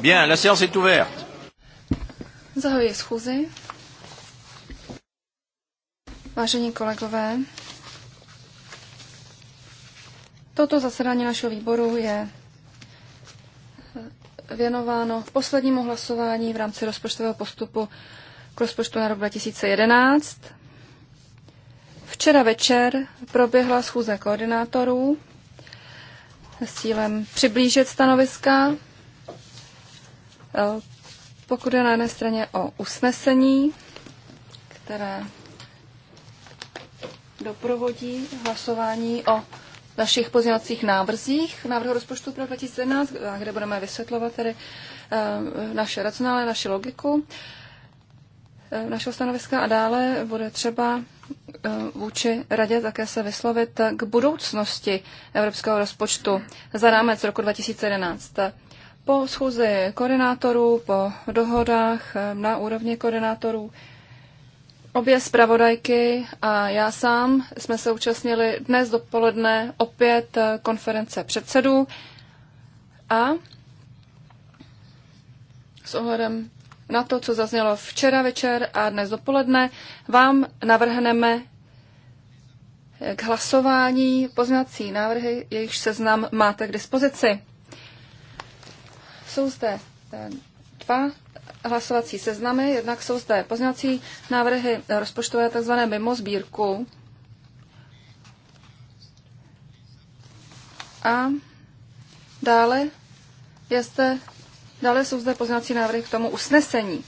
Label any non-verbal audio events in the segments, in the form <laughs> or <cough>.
Bien, la séance est ouverte. Zahajuji schůzi. Vážení kolegové, toto zasedání našeho výboru je eh, věnováno poslednímu hlasování v rámci rozpočtového postupu k rozpočtu na rok 2011. Včera večer proběhla schůze koordinátorů s cílem přiblížit stanoviska Eh, pokud je na jedné straně o usnesení, které doprovodí hlasování o našich pozměňovacích návrzích návrhu rozpočtu pro 2011, kde budeme vysvětlovat tedy eh, naše racionále, naši logiku eh, našeho stanoviska a dále bude třeba vůči radě také se vyslovit k budoucnosti evropského rozpočtu za rámec roku 2011. Po schůzi koordinátorů, po dohodách na úrovni koordinátorů, obě zpravodajky a já sám jsme se účastnili dnes dopoledne opět eh, konference předsedů a s ohledem na to, co zaznělo včera večer a dnes dopoledne, vám navrhneme eh, k hlasování poznací návrhy, jejichž seznam máte k dispozici. Jsou zde eh, dva hlasovací seznamy. Jednak jsou zde pozměňovací návrhy rozpočtové tzv. mimo sbírku. A dále, je zde, dále jsou zde pozměňovací návrhy k tomu usnesení.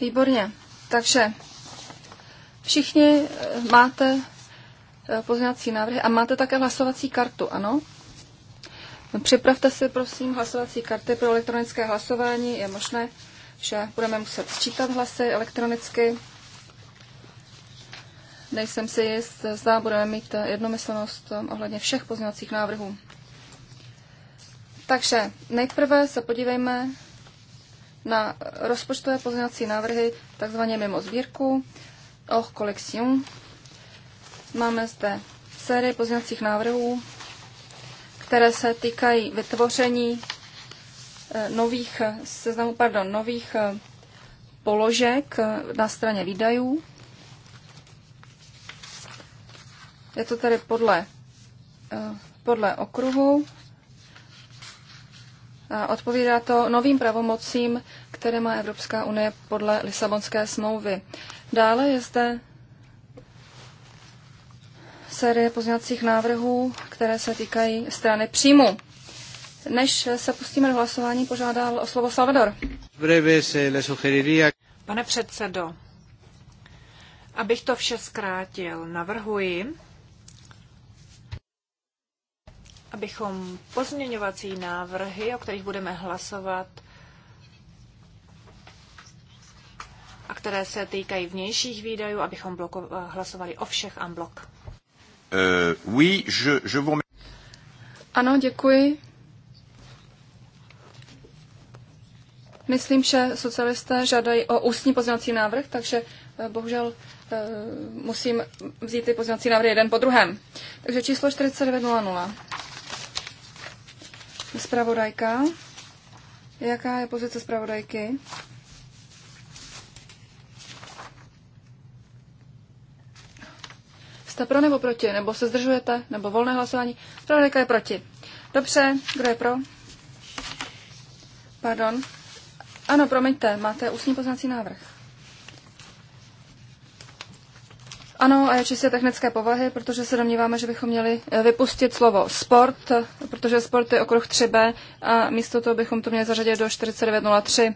Výborně. Takže všichni eh, máte eh, pozměňovací návrhy a máte také hlasovací kartu, ano? Připravte si, prosím, hlasovací karty pro elektronické hlasování. Je možné, že budeme muset sčítat hlasy elektronicky. Nejsem si jist, zda budeme mít eh, jednomyslnost ohledně všech pozměňovacích návrhů. Takže nejprve se podívejme na rozpočtové pozměňovací návrhy takzvaně mimo sbírku, oh, collection. Máme zde sérii pozměňovacích návrhů, které se týkají vytvoření eh, nových eh, seznamu, pardon, nových eh, položek na straně výdajů. Je to tedy podle, podle okruhu Odpovídá to novým pravomocím, které má Evropská unie podle Lisabonské smlouvy. Dále je zde série pozněcích návrhů, které se týkají strany příjmu. Než se pustíme do hlasování, požádal o slovo Salvador. Pane předsedo, abych to vše zkrátil, navrhuji, abychom pozměňovací návrhy, o kterých budeme hlasovat, a které se týkají vnějších výdajů, abychom bloko, hlasovali o všech en bloc. Uh, oui, je, je vous... Ano, děkuji. Myslím, že socialisté žádají o ústní pozměňovací návrh, takže eh, bohužel eh, musím vzít ty pozměňovací návrhy jeden po druhém. Takže číslo 4900. Spravodajka. Jaká je pozice spravodajky? Jste pro nebo proti? Nebo se zdržujete? Nebo volné hlasování? Spravodajka je proti. Dobře, kdo je pro? Pardon. Ano, promiňte, máte ústní poznací návrh. Ano, a je čistě technické povahy, protože se domníváme, že bychom měli eh, vypustit slovo sport, protože sport je okruh 3B a místo toho bychom to měli zařadit do 4903,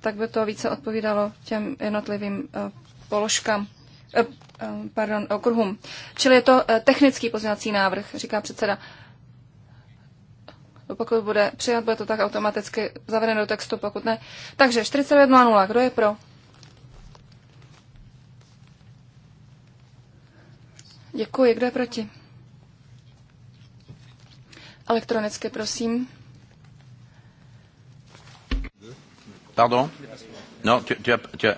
tak by to více odpovídalo těm jednotlivým eh, položkám, eh, pardon, okruhům. Čili je to technický pozměňovací návrh, říká předseda. No, pokud bude přijat, bude to tak automaticky zavedeno do textu, pokud ne. Takže 49.00, kdo je pro? Děkuji. Kdo je proti? Elektronicky, prosím. Pardon No, tu, tu as... Tu as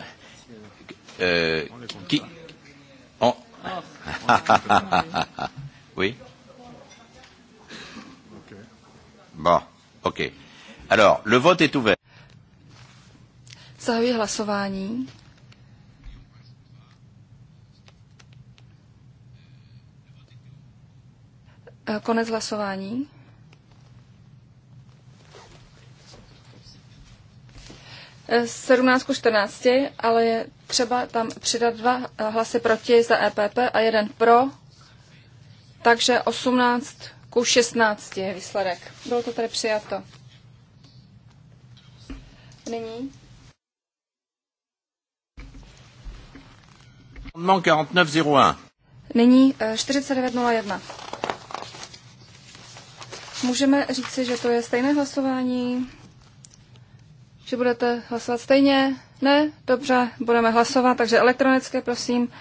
euh, qui on... Oh. <laughs> Oui Bon, ok. Alors, le vote est ouvert. Zahajuji hlasování. Eh, konec hlasování. Z 17 k 14, ale je třeba tam přidat dva eh, hlasy proti za EPP a jeden pro, takže 18 ku 16 je výsledek. Bylo to tady přijato. Nyní. 4901. Nyní 4901. Eh, Můžeme říci, že to je stejné hlasování? Že budete hlasovat stejně? Ne? Dobře, budeme hlasovat, takže elektronické prosím,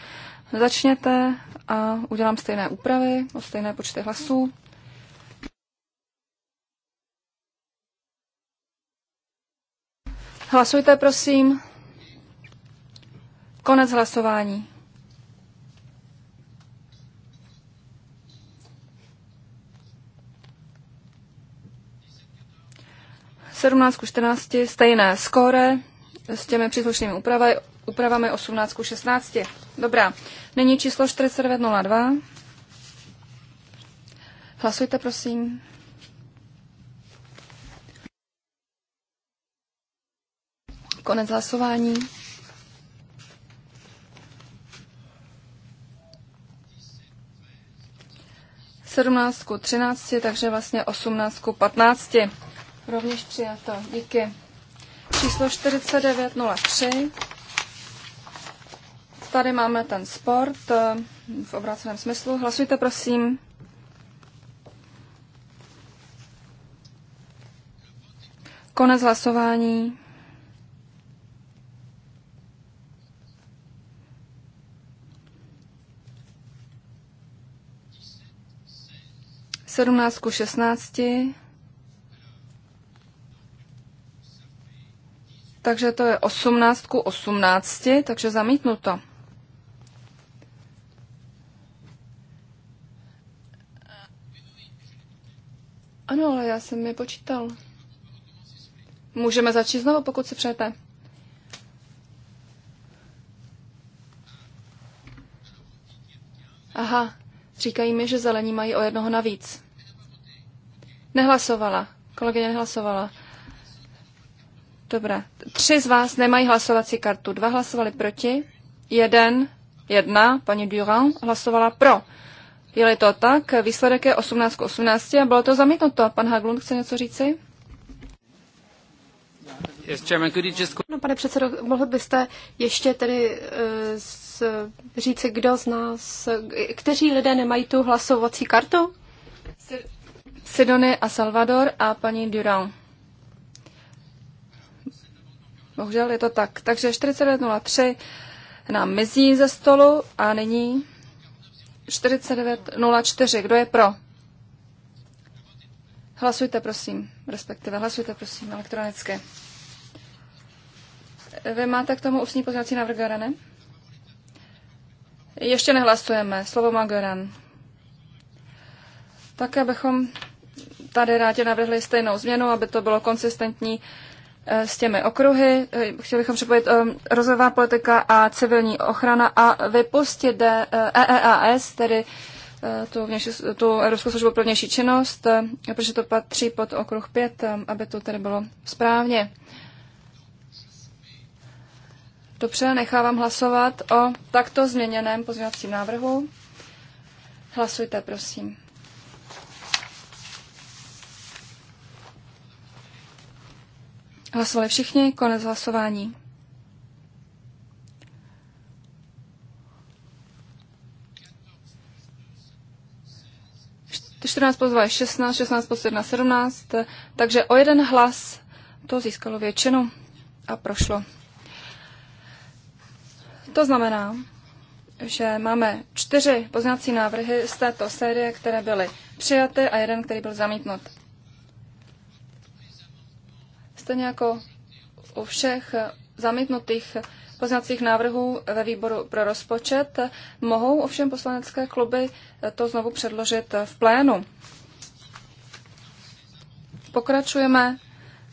začněte a udělám stejné úpravy o stejné počty hlasů. Hlasujte, prosím. Konec hlasování. 17 ku 14 stejné skóre s těmi příslušnými úpravy, úpravami 18 ku 16. Dobrá, nyní číslo 4902. Hlasujte, prosím. Konec hlasování. Sedmnáctku 13, takže vlastně 18 15. Rovněž přijato. Díky. Číslo 4903. Tady máme ten sport eh, v obráceném smyslu. Hlasujte, prosím. Konec hlasování. Sedmnáct ku šestnácti. Takže to je 18 ku 18, takže zamítnuto. Ano, ale já jsem je počítal. Můžeme začít znovu, pokud si přejete. Aha, říkají mi, že zelení mají o jednoho navíc. Nehlasovala. Kolegyně nehlasovala. Dobrá. Tři z vás nemají hlasovací kartu. Dva hlasovali proti. Jeden, jedna, paní Durand, hlasovala pro. Je-li to tak, výsledek je 18 k 18 a bylo to zamítnuto. Pan Haglund chce něco říci? No, pane předsedo, mohl byste ještě tedy uh, říci, kdo z nás, kteří lidé nemají tu hlasovací kartu? Sidony a Salvador a paní Durand. Bohužel je to tak. Takže 49.03 nám mizí ze stolu a nyní 49.04. Kdo je pro? Hlasujte, prosím. Respektive hlasujte, prosím, elektronicky. Vy máte k tomu ústní pozvací návrh Garane? Ještě nehlasujeme. Slovo má Goran. Tak bychom tady rádi navrhli stejnou změnu, aby to bylo konsistentní Eh, s těmi okruhy. Eh, Chtěli bychom připojit eh, rozvojová politika a civilní ochrana a vypustit EEAS, e tedy tu, vnější, tu Evropskou službu pro vnější činnost, protože to patří pod okruh 5, aby to tedy bylo správně. Dobře, nechávám hlasovat o takto změněném pozměňovacím návrhu. Hlasujte, prosím. Hlasovali všichni, konec hlasování. Št 14 plus 2 je 16, 16 plus 1 17, takže o jeden hlas to získalo většinu a prošlo. To znamená, že máme čtyři poznací návrhy z této série, které byly přijaty a jeden, který byl zamítnut. Stejně jako u všech zamítnutých poznacích návrhů ve výboru pro rozpočet mohou ovšem poslanecké kluby to znovu předložit v plénu. Pokračujeme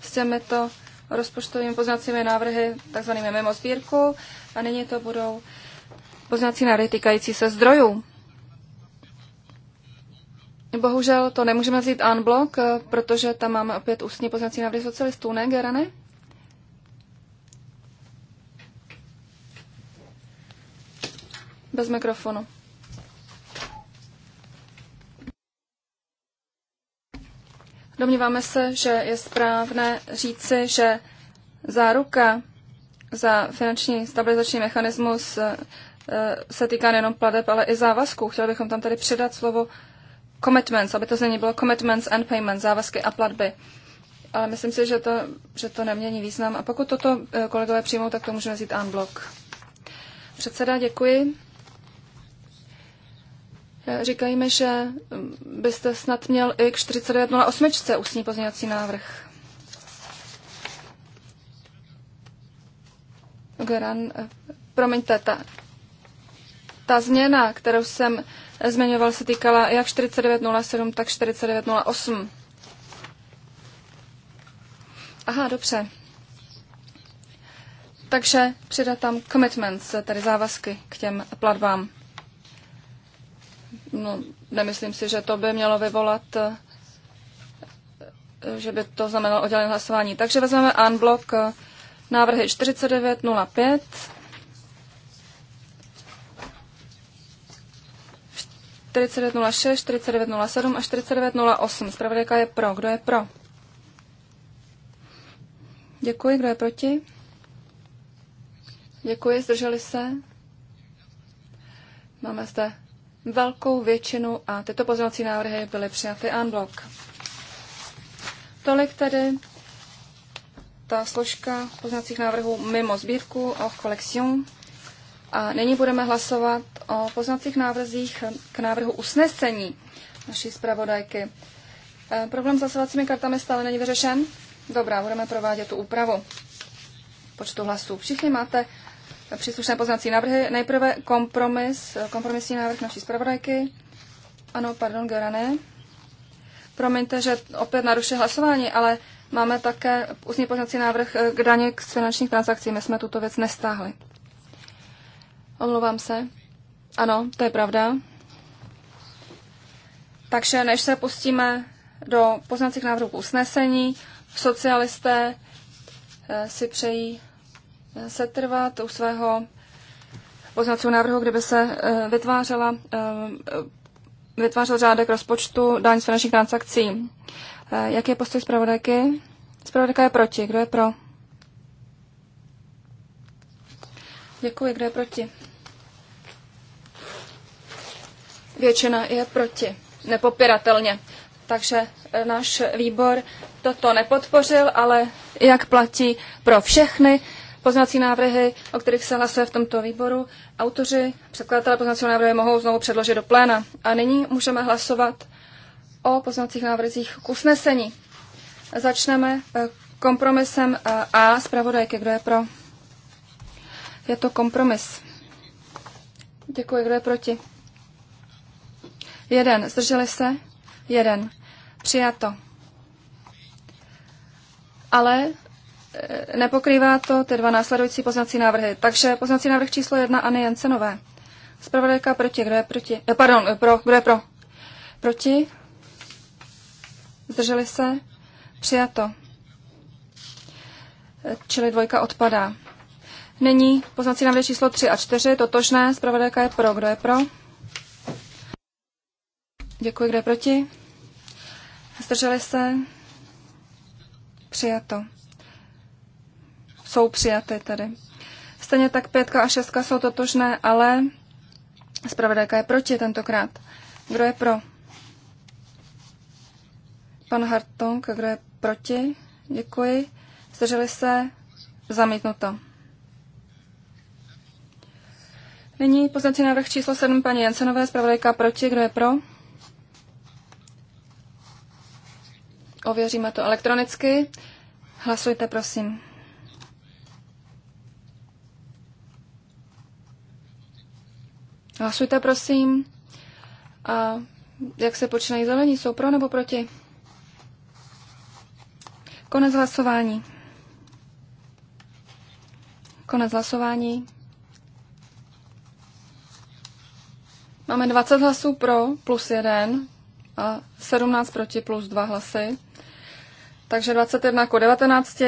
s těmito rozpočtovými poznacími návrhy, takzvanými mimo sbírku, a nyní to budou poznací návrhy týkající se zdrojů. Bohužel to nemůžeme vzít unblock, eh, protože tam máme opět ústní poznací návrhy socialistů, ne, Gerane? Bez mikrofonu. Domníváme se, že je správné říci, že záruka za finanční stabilizační mechanismus eh, eh, se týká nejenom pladeb, ale i závazků. Chtěli bychom tam tady přidat slovo commitments, aby to z bylo commitments and payments, závazky a platby. Ale myslím si, že to, že to nemění význam. A pokud toto eh, kolegové přijmou, tak to můžeme vzít unblock. Předseda, děkuji. Eh, říkají mi, že mm, byste snad měl i k 49.08 ústní pozměňovací návrh. Geran, eh, promiňte, ta, ta změna, kterou jsem zmiňoval, se týkala jak 4907, tak 4908. Aha, dobře. Takže přidat tam commitments, tedy závazky k těm platbám. No, nemyslím si, že to by mělo vyvolat, že by to znamenalo oddělené hlasování. Takže vezmeme unblock eh, návrhy 4905, 4906, 4907 a 4908. Zpravodajka je pro. Kdo je pro? Děkuji. Kdo je proti? Děkuji. Zdrželi se? Máme zde velkou většinu a tyto pozměňovací návrhy byly přijaty unblock. Tolik tedy ta složka pozměňovacích návrhů mimo sbírku a collection. A nyní budeme hlasovat o poznacích návrzích k návrhu usnesení naší zpravodajky. E, Problém s hlasovacími kartami stále není vyřešen? Dobrá, budeme provádět tu úpravu počtu hlasů. Všichni máte příslušné poznací návrhy. Nejprve kompromis, kompromisní návrh naší zpravodajky. Ano, pardon, Gerané. Promiňte, že opět narušuje hlasování, ale máme také ústní poznací návrh k daně z finančních transakcí. My jsme tuto věc nestáhli. Omlouvám se. Ano, to je pravda. Takže než se pustíme do poznacích návrhů k usnesení, socialisté eh, si přejí eh, setrvat u svého poznacího návrhu, kde by se eh, vytvářela, vytvářel řádek rozpočtu daň z finančních transakcí. Jaký je postoj zpravodajky? Zpravodajka je proti. Kdo je pro? Děkuji. Kdo je proti? většina je proti, nepopiratelně. Takže e, náš výbor toto nepodpořil, ale jak platí pro všechny poznací návrhy, o kterých se hlasuje v tomto výboru, autoři, překladatelé poznacího návrhu mohou znovu předložit do pléna. A nyní můžeme hlasovat o poznacích návrzích k usnesení. Začneme e, kompromisem e, A zpravodajky. Kdo je pro? Je to kompromis. Děkuji. Kdo je proti? Jeden. Zdrželi se? Jeden. Přijato. Ale eh, nepokrývá to ty dva následující poznací návrhy. Takže poznací návrh číslo jedna Anny Jensenové. Zpravodajka proti. Kdo je proti? Eh, pardon, eh, pro. Kdo je pro? Proti? Zdrželi se? Přijato. Eh, čili dvojka odpadá. Nyní poznací návrh číslo 3 a 4, totožné, zpravodajka je pro. Kdo je pro? Děkuji, kde proti. Zdrželi se. Přijato. Jsou přijaty tedy. Stejně tak pětka a šestka jsou totožné, ale zpravodajka je proti tentokrát. Kdo je pro? Pan Hartong, kdo je proti? Děkuji. Zdrželi se? Zamítnuto. Nyní poznací návrh číslo 7 paní Jensenové, zpravodajka proti, kdo je pro? Ověříme to elektronicky. Hlasujte, prosím. Hlasujte, prosím. A jak se počínají zelení? Jsou pro nebo proti? Konec hlasování. Konec hlasování. Máme 20 hlasů pro plus 1, a 17 proti plus 2 hlasy. Takže 21 k 19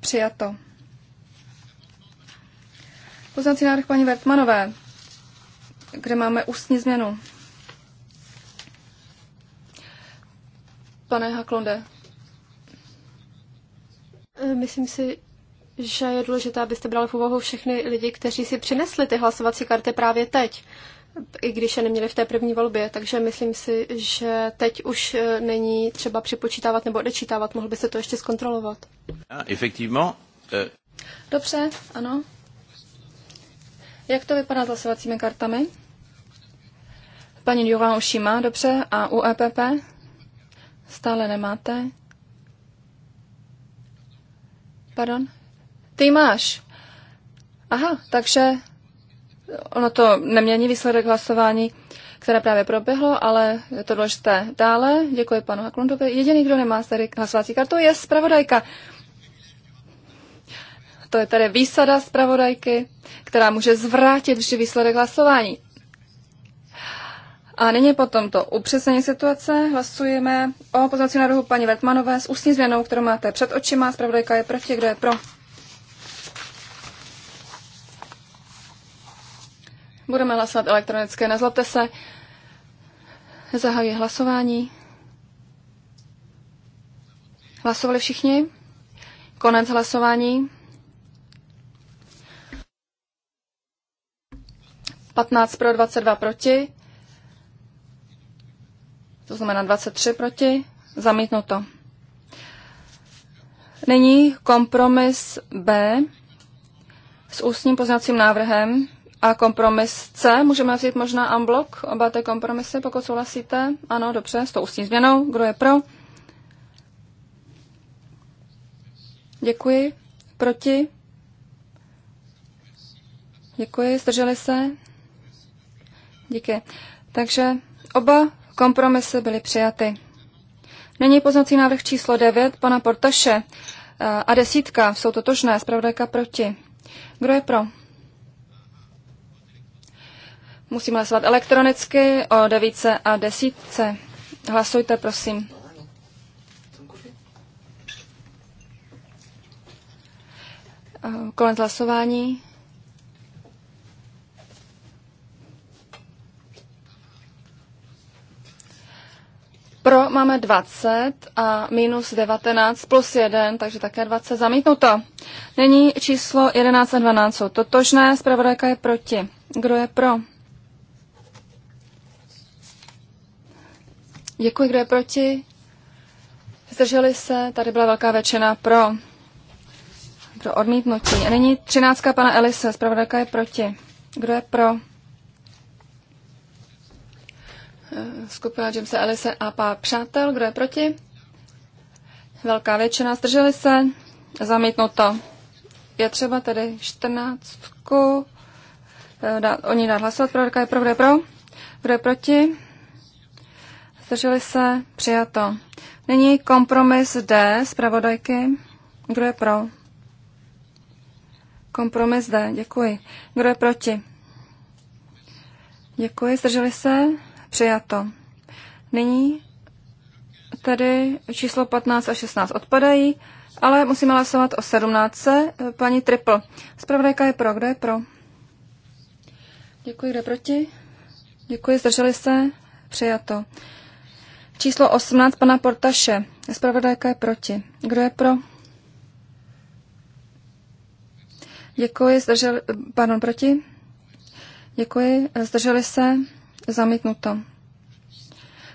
přijato. Poznací návrh paní Vertmanové, kde máme ústní změnu. Pane Haklonde. Myslím si, že je důležité, abyste brali v úvahu všechny lidi, kteří si přinesli ty hlasovací karty právě teď i když je neměli v té první volbě, takže myslím si, že teď už e, není třeba připočítávat nebo odečítávat, mohl by se to ještě zkontrolovat. Efektivně. E, dobře, ano. Jak to vypadá s hlasovacími kartami? Paní Durán už má, dobře. A u EPP? Stále nemáte? Pardon? Ty máš. Aha, takže Ono to nemění výsledek hlasování, které právě proběhlo, ale je to důležité. Dále, děkuji panu Haklundovi. Jediný, kdo nemá tady hlasovací kartu, je zpravodajka. To je tady výsada zpravodajky, která může zvrátit vždy výsledek hlasování. A nyní po tomto upřesnění situace hlasujeme o pozvacím návrhu paní Vetmanové s ústní změnou, kterou máte před očima. Zpravodajka je proti, kdo je pro. Budeme hlasovat elektronické, Nezlobte se. Zahajuji hlasování. Hlasovali všichni? Konec hlasování. 15 pro, 22 proti. To znamená 23 proti. Zamítnuto. Nyní kompromis B s ústním poznacím návrhem a kompromis C. Můžeme vzít možná unblock oba ty kompromisy, pokud souhlasíte. Ano, dobře, s tou ústní změnou. Kdo je pro? Děkuji. Proti? Děkuji. Zdrželi se? Díky. Takže oba kompromisy byly přijaty. Není poznací návrh číslo 9 pana Portaše a desítka jsou totožné, zpravodajka proti. Kdo je pro? Musíme hlasovat elektronicky o devíce a desítce. Hlasujte, prosím. Konec hlasování. Pro máme 20 a minus 19 plus 1, takže také 20 zamítnuto. Není číslo 11 a 12 jsou totožné, zpravodajka je proti. Kdo je pro? Děkuji, kdo je proti. Zdrželi se, tady byla velká většina pro. Pro odmítnutí. A nyní třináctka pana Elise, zpravodajka je proti. Kdo je pro? Skupina Jamesa Elise a pár přátel, kdo je proti? Velká většina, zdrželi se, zamítnuto. Je třeba tedy čtrnáctku, eh, dá, o ní dát hlasovat, pro, kdo je pro, kdo je pro, kdo je proti? Zdrželi se? Přijato. Nyní kompromis D zpravodajky. Kdo je pro? Kompromis D, děkuji. Kdo je proti? Děkuji, zdrželi se? Přijato. Nyní tedy číslo 15 a 16 odpadají, ale musíme hlasovat o 17. Paní Triple. Zpravodajka je pro. Kdo je pro? Děkuji, kdo je proti? Děkuji, zdrželi se? Přijato. Číslo 18 pana Portaše. Zpravodajka je proti. Kdo je pro? Děkuji, zdrželi, pardon, proti? Děkuji, zdrželi se, zamítnuto.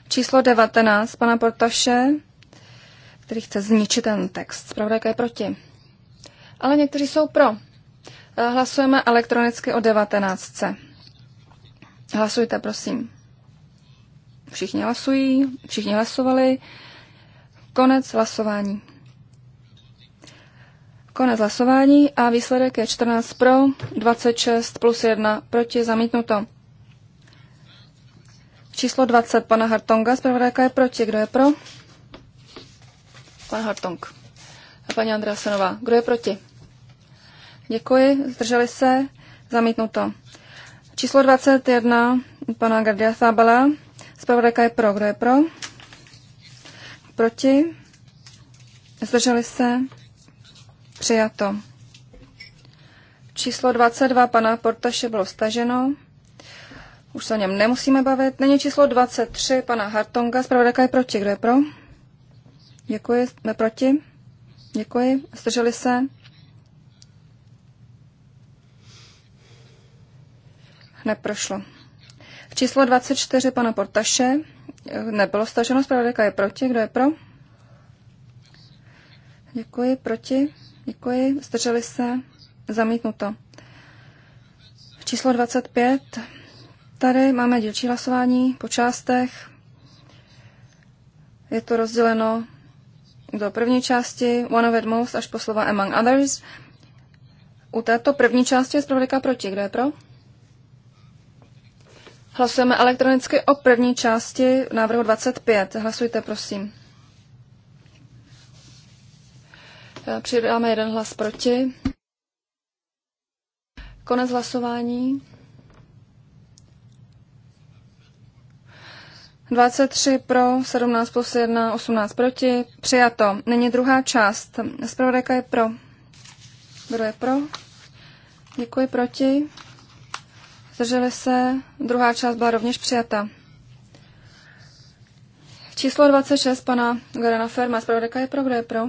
Číslo 19 pana Portaše, který chce zničit ten text. Zpravodajka je proti. Ale někteří jsou pro. Hlasujeme elektronicky o 19. Hlasujte, prosím. Všichni hlasují, všichni hlasovali. Konec hlasování. Konec hlasování a výsledek je 14 pro, 26 plus 1 proti, zamítnuto. Číslo 20 pana Hartonga, zpravodajka je proti. Kdo je pro? Pan Hartong. A paní Andrea Senová, kdo je proti? Děkuji, zdrželi se, zamítnuto. Číslo 21 pana Gardia Fabela, Zpravodajka je pro. Kdo je pro? Proti? Zdrželi se? Přijato. Číslo 22 pana Portaše bylo staženo. Už se o něm nemusíme bavit. Není číslo 23 pana Hartonga. Zpravodajka je proti. Kdo je pro? Děkuji. Jsme proti? Děkuji. Zdrželi se? Neprošlo. Číslo 24 pana Portaše nebylo staženo, zpravodajka je proti. Kdo je pro? Děkuji, proti. Děkuji, zdrželi se, zamítnuto. Číslo 25. Tady máme dílčí hlasování po částech. Je to rozděleno do první části One of it most až po slova Among Others. U této první části je zpravodajka proti. Kdo je pro? Hlasujeme elektronicky o první části návrhu 25. Hlasujte, prosím. E, přidáme jeden hlas proti. Konec hlasování. 23 pro, 17 plus 1, 18 proti. Přijato. Nyní druhá část. Zpravodajka je pro. Kdo je pro? Děkuji proti. Zdrželi se. Druhá část byla rovněž přijata. Číslo 26 pana Gorana Ferma. Zpravodajka je pro, kdo je pro?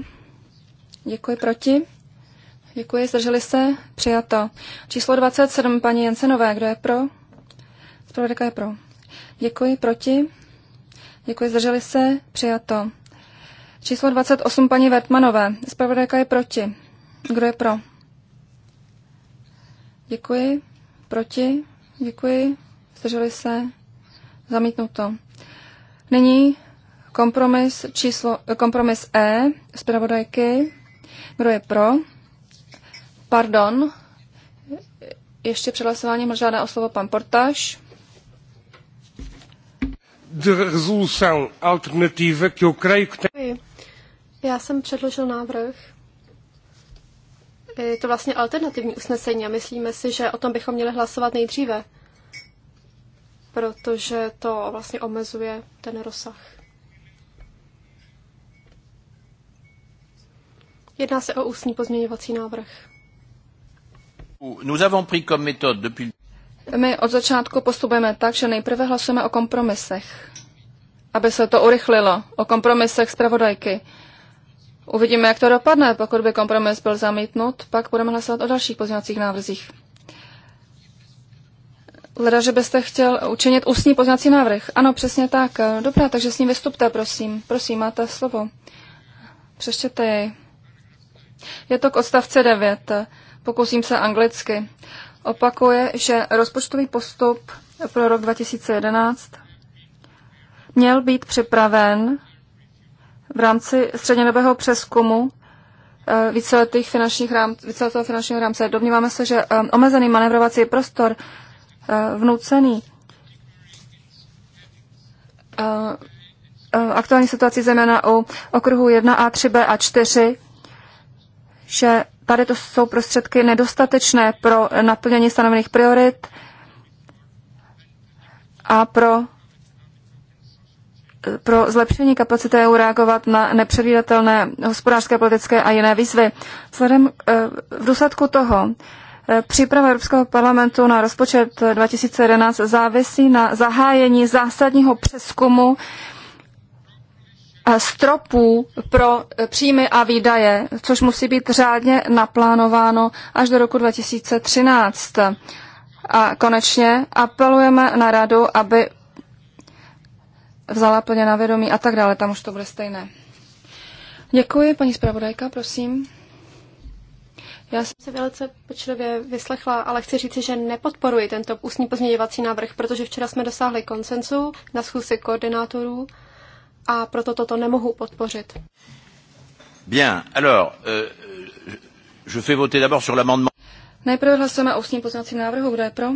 Děkuji proti. Děkuji, zdrželi se. Přijato. Číslo 27 paní Jensenové. Kdo je pro? Zpravodajka je pro. Děkuji proti. Děkuji, zdrželi se. Přijato. Číslo 28 paní Vertmanové. Zpravodajka je proti. Kdo je pro? Děkuji. Proti? Děkuji. Zdrželi se. Zamítnuto. Nyní kompromis, číslo, kompromis E pravodajky. Kdo je pro? Pardon. Ještě před hlasováním žádá o slovo pan Portaš. De alternativa que que Já jsem předložil návrh, je to vlastně alternativní usnesení a myslíme si, že o tom bychom měli hlasovat nejdříve, protože to vlastně omezuje ten rozsah. Jedná se o ústní pozměňovací návrh. Nous avons pris comme méthode depuis... My od začátku postupujeme tak, že nejprve hlasujeme o kompromisech, aby se to urychlilo, o kompromisech zpravodajky. pravodajky. Uvidíme, jak to dopadne. Pokud by kompromis byl zamítnut, pak budeme hlasovat o dalších pozměňovacích návrzích. Leda, že byste chtěl učinit ústní pozměňovací návrh. Ano, přesně tak. Dobrá, takže s ním vystupte, prosím. Prosím, máte slovo. Přeštěte jej. Je to k odstavce 9. Pokusím se anglicky. Opakuje, že rozpočtový postup pro rok 2011 měl být připraven v rámci střednědobého přeskumu eh, víceletých finančních rámc, víceletého finančního rámce. Domníváme se, že eh, omezený manevrovací prostor eh, vnucený aktuální situací zejména u okruhu 1 a 3b a 4, že tady to jsou prostředky nedostatečné pro naplnění stanovených priorit a pro Eh, pro zlepšení kapacity EU reagovat na nepředvídatelné hospodářské, politické a jiné výzvy. Vzhledem eh, v důsledku toho eh, Příprava Evropského parlamentu na rozpočet 2011 závisí na zahájení zásadního přeskumu stropů pro příjmy a výdaje, což musí být řádně naplánováno až do roku 2013. A konečně apelujeme na radu, aby vzala plně na vědomí a tak dále. Tam už to bude stejné. Děkuji, paní zpravodajka, prosím. Já jsem se velice pečlivě vyslechla, ale chci říci, že nepodporuji tento ústní pozměňovací návrh, protože včera jsme dosáhli konsenzu na schůzi koordinátorů a proto toto nemohu podpořit. Bien, alors, euh, je fais voter d'abord sur l'amendement. Nejprve hlasujeme o ústním pozměňovacím návrhu. Kdo je pro?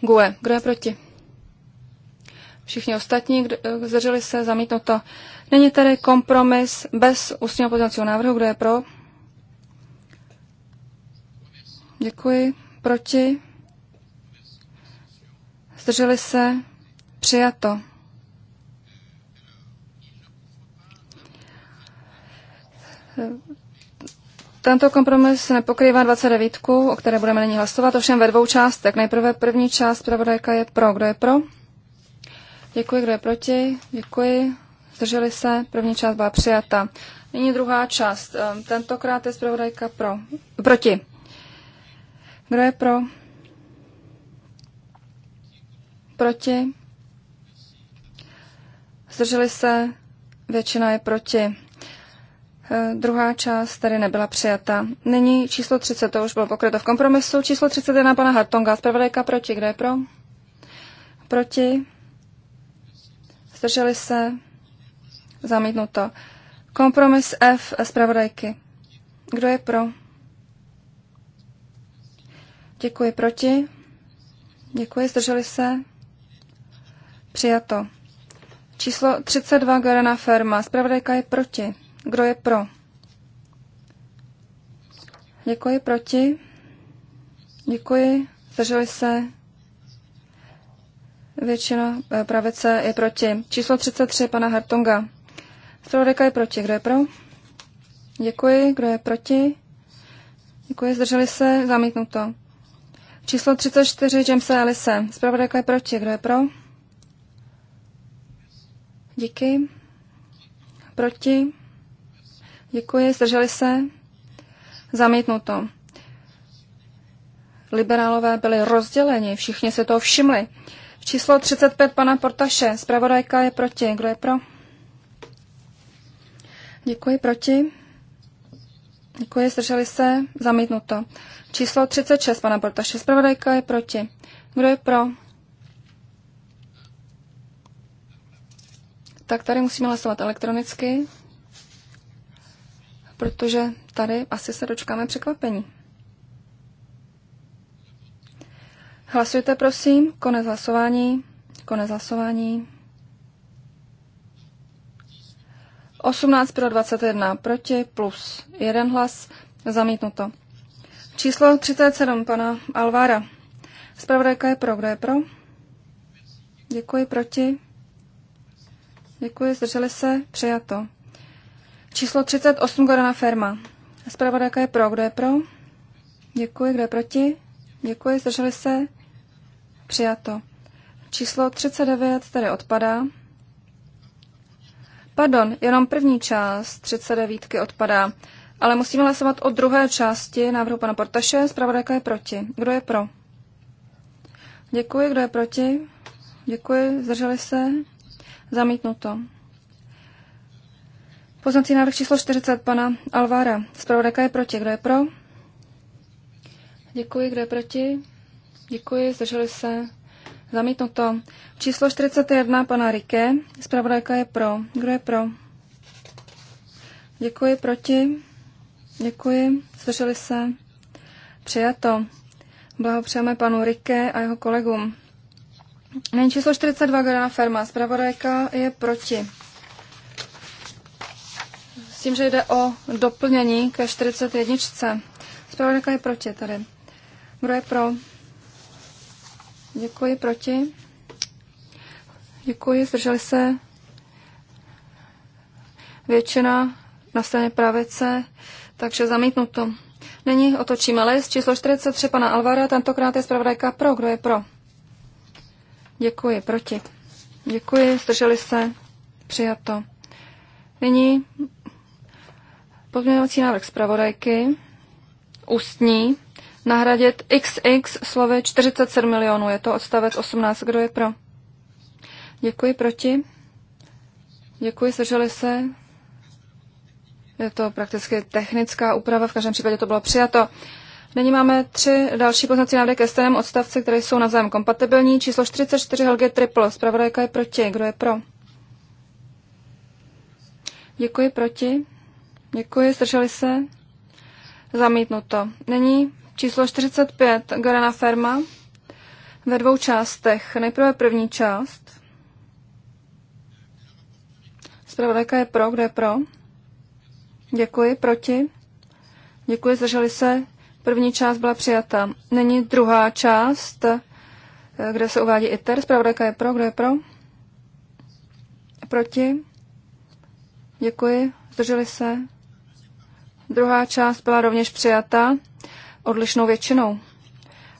GUE. Kdo je proti? všichni ostatní, kdo, eh, zdrželi se, zamítnuto. Není tedy kompromis bez ústního pozměňovacího návrhu, kdo je pro? Děkuji. Proti? Zdrželi se? Přijato. Tento kompromis nepokrývá 29, o které budeme nyní hlasovat, ovšem ve dvou částech. Nejprve první část pravodajka je pro. Kdo je pro? Děkuji, kdo je proti. Děkuji. Zdrželi se. První část byla přijata. Nyní druhá část. Ehm, tentokrát je zpravodajka pro. Proti. Kdo je pro? Proti. Zdrželi se. Většina je proti. Ehm, druhá část tady nebyla přijata. Nyní číslo 30, to už bylo pokryto v kompromisu. Číslo 31 pana Hartonga, zpravodajka proti. Kdo je pro? Proti. Zdrželi se? Zamítnuto. Kompromis F zpravodajky. Kdo je pro? Děkuji proti. Děkuji, zdrželi se. Přijato. Číslo 32 Garana Ferma. Zpravodajka je proti. Kdo je pro? Děkuji proti. Děkuji. Zdrželi se. Většina eh, pravice je proti. Číslo 33 pana Hartonga. Zpravodajka je proti. Kdo je pro? Děkuji. Kdo je proti? Děkuji. Zdrželi se? Zamítnuto. Číslo 34 Jamesa Alice. Zpravodajka je proti. Kdo je pro? Díky. Proti? Děkuji. Zdrželi se? Zamítnuto. Liberálové byli rozděleni. Všichni se toho všimli. Číslo 35 pana Portaše. Zpravodajka je proti. Kdo je pro? Děkuji. Proti? Děkuji. Zdrželi se? Zamítnuto. Číslo 36 pana Portaše. Zpravodajka je proti. Kdo je pro? Tak tady musíme hlasovat elektronicky, protože tady asi se dočkáme překvapení. Hlasujte, prosím. Konec hlasování. Konec hlasování. 18 pro 21 proti plus 1 hlas zamítnuto. Číslo 37 pana Alvára. Zpravodajka je pro. Kdo je pro? Děkuji. Proti? Děkuji. Zdrželi se? Přijato. Číslo 38 Gorana Ferma. Zpravodajka je pro. Kdo je pro? Děkuji. Kdo je proti? Děkuji, zdrželi se. Přijato. Číslo 39 tady odpadá. Pardon, jenom první část 39 odpadá. Ale musíme hlasovat o druhé části návrhu pana Portaše. Zpravodajka je proti. Kdo je pro? Děkuji. Kdo je proti? Děkuji. Zdrželi se? Zamítnuto. Poznací návrh číslo 40 pana Alvára. Zpravodajka je proti. Kdo je pro? Děkuji, kdo je proti? Děkuji, zdrželi se. Zamítnuto. Číslo 41 pana Rike. Zpravodajka je pro. Kdo je pro? Děkuji, proti? Děkuji, zdrželi se. Přijato. Blahopřejeme panu Rike a jeho kolegům. Není číslo 42 Gorana Ferma. Zpravodajka je proti. S tím, že jde o doplnění ke 41. Zpravodajka je proti tady. Kdo je pro? Děkuji, proti? Děkuji, zdrželi se. Většina na straně pravice, takže zamítnuto. Nyní otočíme list číslo 43 pana Alvara, tentokrát je zpravodajka pro. Kdo je pro? Děkuji, proti. Děkuji, zdrželi se. Přijato. Nyní pozměňovací návrh zpravodajky, ústní, nahradit XX slovy 47 milionů. Je to odstavec 18. Kdo je pro? Děkuji. Proti? Děkuji. Zdrželi se? Je to prakticky technická úprava. V každém případě to bylo přijato. Nyní máme tři další poznací návrhy ke stejnému odstavci, které jsou navzájem kompatibilní. Číslo 44 Helge Triple. Zpravodajka je proti. Kdo je pro? Děkuji. Proti? Děkuji. Zdrželi se? Zamítnuto. Nyní Číslo 45, Garana Ferma, ve dvou částech. Nejprve první část. Zpravodajka je pro, kde je pro? Děkuji, proti? Děkuji, zdrželi se. První část byla přijata. Není druhá část, kde se uvádí ITER. Zpravodajka je pro, kdo je pro? Proti? Děkuji, zdrželi se. Druhá část byla rovněž přijata odlišnou většinou.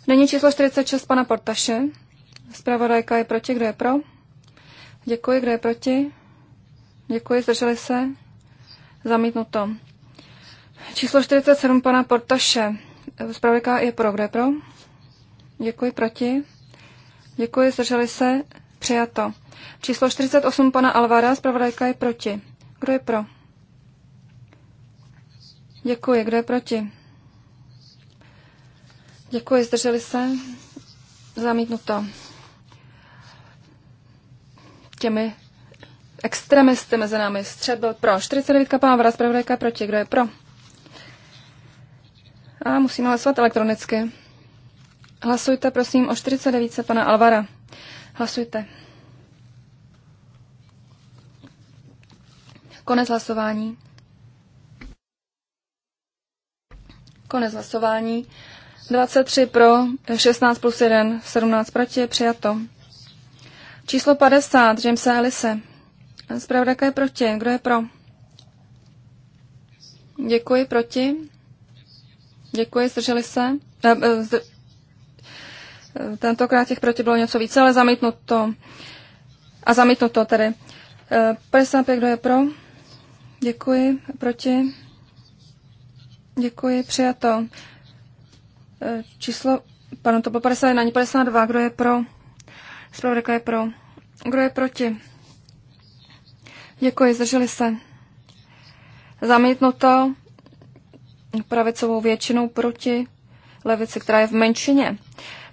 Není číslo 46 pana Portaše. Zpravodajka je proti, kdo je pro? Děkuji, kdo je proti? Děkuji, zdrželi se? Zamítnuto. Číslo 47 pana Portaše. Zpravodajka je pro, kdo je pro? Děkuji, proti? Děkuji, zdrželi se? Přijato. Číslo 48 pana Alvara, zpravodajka je proti. Kdo je pro? Děkuji, kdo je proti? Děkuji, zdrželi se. Zamítnuto. Těmi extremisty mezi námi. Střed byl pro. 49 Pávra, zpravodajka proti. Kdo je pro? A musíme hlasovat elektronicky. Hlasujte prosím o 49 pana Alvara. Hlasujte. Konec hlasování. Konec hlasování. 23 pro, 16 plus 1, 17 proti, přijato. Číslo 50, a Elise. Zpravodajka je proti. Kdo je pro? Děkuji, proti. Děkuji, zdrželi se. Eh, eh, Tentokrát těch proti bylo něco více, ale zamítnuto. A zamítnuto tedy. 55, eh, kdo je pro? Děkuji, proti. Děkuji, přijato. E, číslo, panu to 51, ani 52, kdo je pro, Spravodajka je pro, kdo je proti. Děkuji, zdrželi se. Zamítnuto pravicovou většinou proti levici, která je v menšině.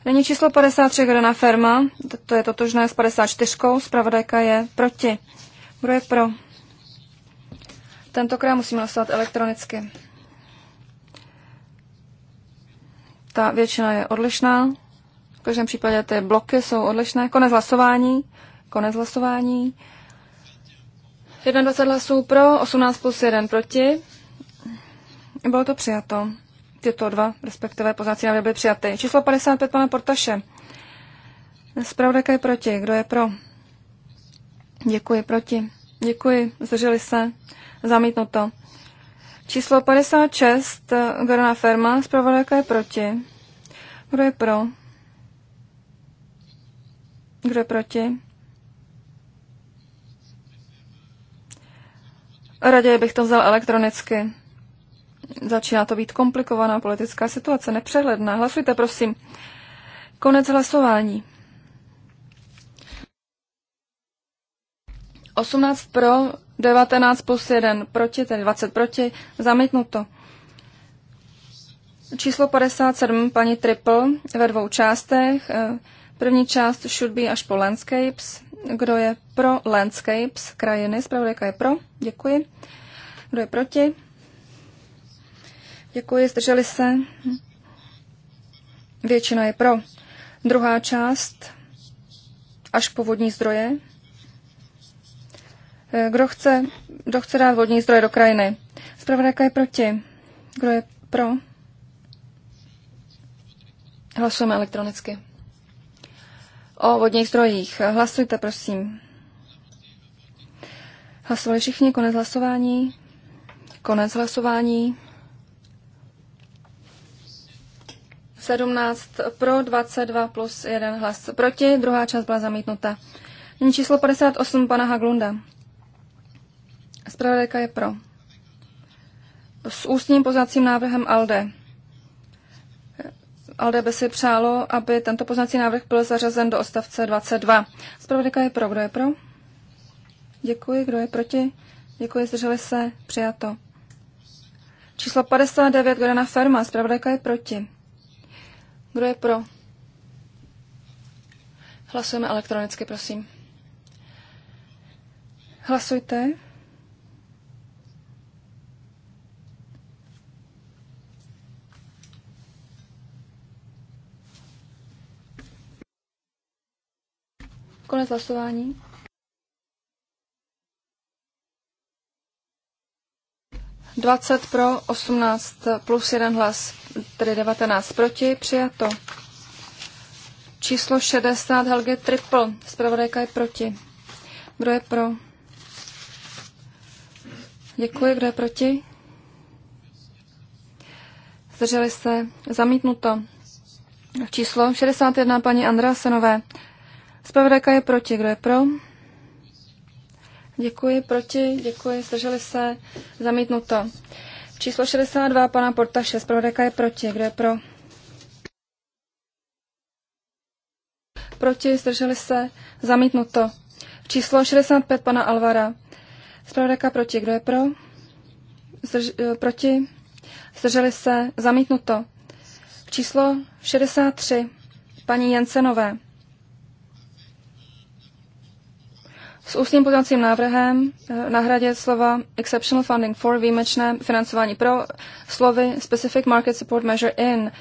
Není číslo 53 na Ferma, to je totožné s 54, zpravodajka je proti. Kdo je pro? Tentokrát musíme hlasovat elektronicky. Ta většina je odlišná. V každém případě ty bloky jsou odlišné. Konec hlasování. Konec hlasování. 21 hlasů pro, 18 plus 1 proti. Bylo to přijato. Tyto dva, respektive poznací návrhy byly přijaty. Číslo 55 pana Portaše. Zpravodajka je proti. Kdo je pro? Děkuji, proti. Děkuji, zdrželi se. Zamítnuto. Číslo 56, Gorana Ferma, zpravodajka je proti. Kdo je pro? Kdo je proti? Raději bych to vzal elektronicky. Začíná to být komplikovaná politická situace, nepřehledná. Hlasujte, prosím. Konec hlasování. 18 pro, 19 plus 1 proti, tedy 20 proti, zamítnuto. Číslo 57, paní Triple, ve dvou částech. Eh, první část should be až po landscapes. Kdo je pro landscapes, krajiny, zpravodajka je pro, děkuji. Kdo je proti? Děkuji, zdrželi se. Většina je pro. Druhá část až po vodní zdroje. Kdo chce, kdo chce dát vodní zdroje do krajiny? Zpravodajka je proti. Kdo je pro? Hlasujeme elektronicky. O vodních zdrojích. Hlasujte, prosím. Hlasovali všichni, konec hlasování. Konec hlasování. 17 pro, 22 plus 1 hlas proti. Druhá část byla zamítnuta. Nyní číslo 58 pana Haglunda. Zpravodajka je pro. S ústním poznacím návrhem ALDE. ALDE by si přálo, aby tento poznací návrh byl zařazen do odstavce 22. Zpravodajka je pro. Kdo je pro? Děkuji. Kdo je proti? Děkuji. Zdrželi se. Přijato. Číslo 59. Gorana Ferma. Zpravodajka je proti. Kdo je pro? Hlasujeme elektronicky, prosím. Hlasujte. Konec hlasování. Dvacet pro, osmnáct plus jeden hlas, tedy devatenáct proti, přijato. Číslo 60 Helge Triple, zpravodajka je proti. Kdo je pro? Děkuji, kdo je proti? Zdrželi se. Zamítnuto. Číslo 61 paní Andrea Senové. Zpravodajka je proti. Kdo je pro? Děkuji, proti, děkuji, zdrželi se, zamítnuto. Číslo 62, pana Portaše, zpravodajka je proti. Kdo je pro? Proti, zdrželi se, zamítnuto. Číslo 65, pana Alvara. Zpravodajka proti. Kdo je pro? Zdrž, eh, proti? Zdrželi se, zamítnuto. Číslo 63, paní Jensenové. S ústním pozvacím návrhem eh, nahradit slova Exceptional Funding for výjimečné financování pro slovy Specific Market Support Measure in um,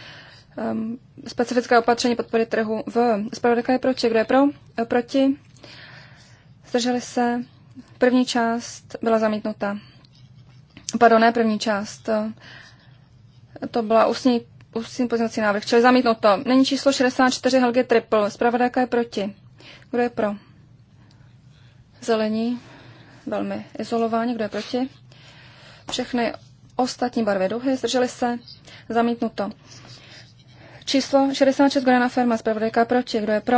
ehm, specifické opatření podpory trhu v. Zpravodajka je proti. Kdo je pro? Eh, proti. Zdrželi se. První část byla zamítnuta. Pardon, ne první část. Eh, to byla ústní, ústní pozměnací návrh, čili zamítnuto. Není číslo 64 Helge Triple. Zpravodajka je proti. Kdo je pro? Zelení velmi izolováni, kdo je proti. Všechny ostatní barvy duhy zdržely se, zamítnuto. Číslo 66 na Ferma, zpravodajka proti, kdo je pro.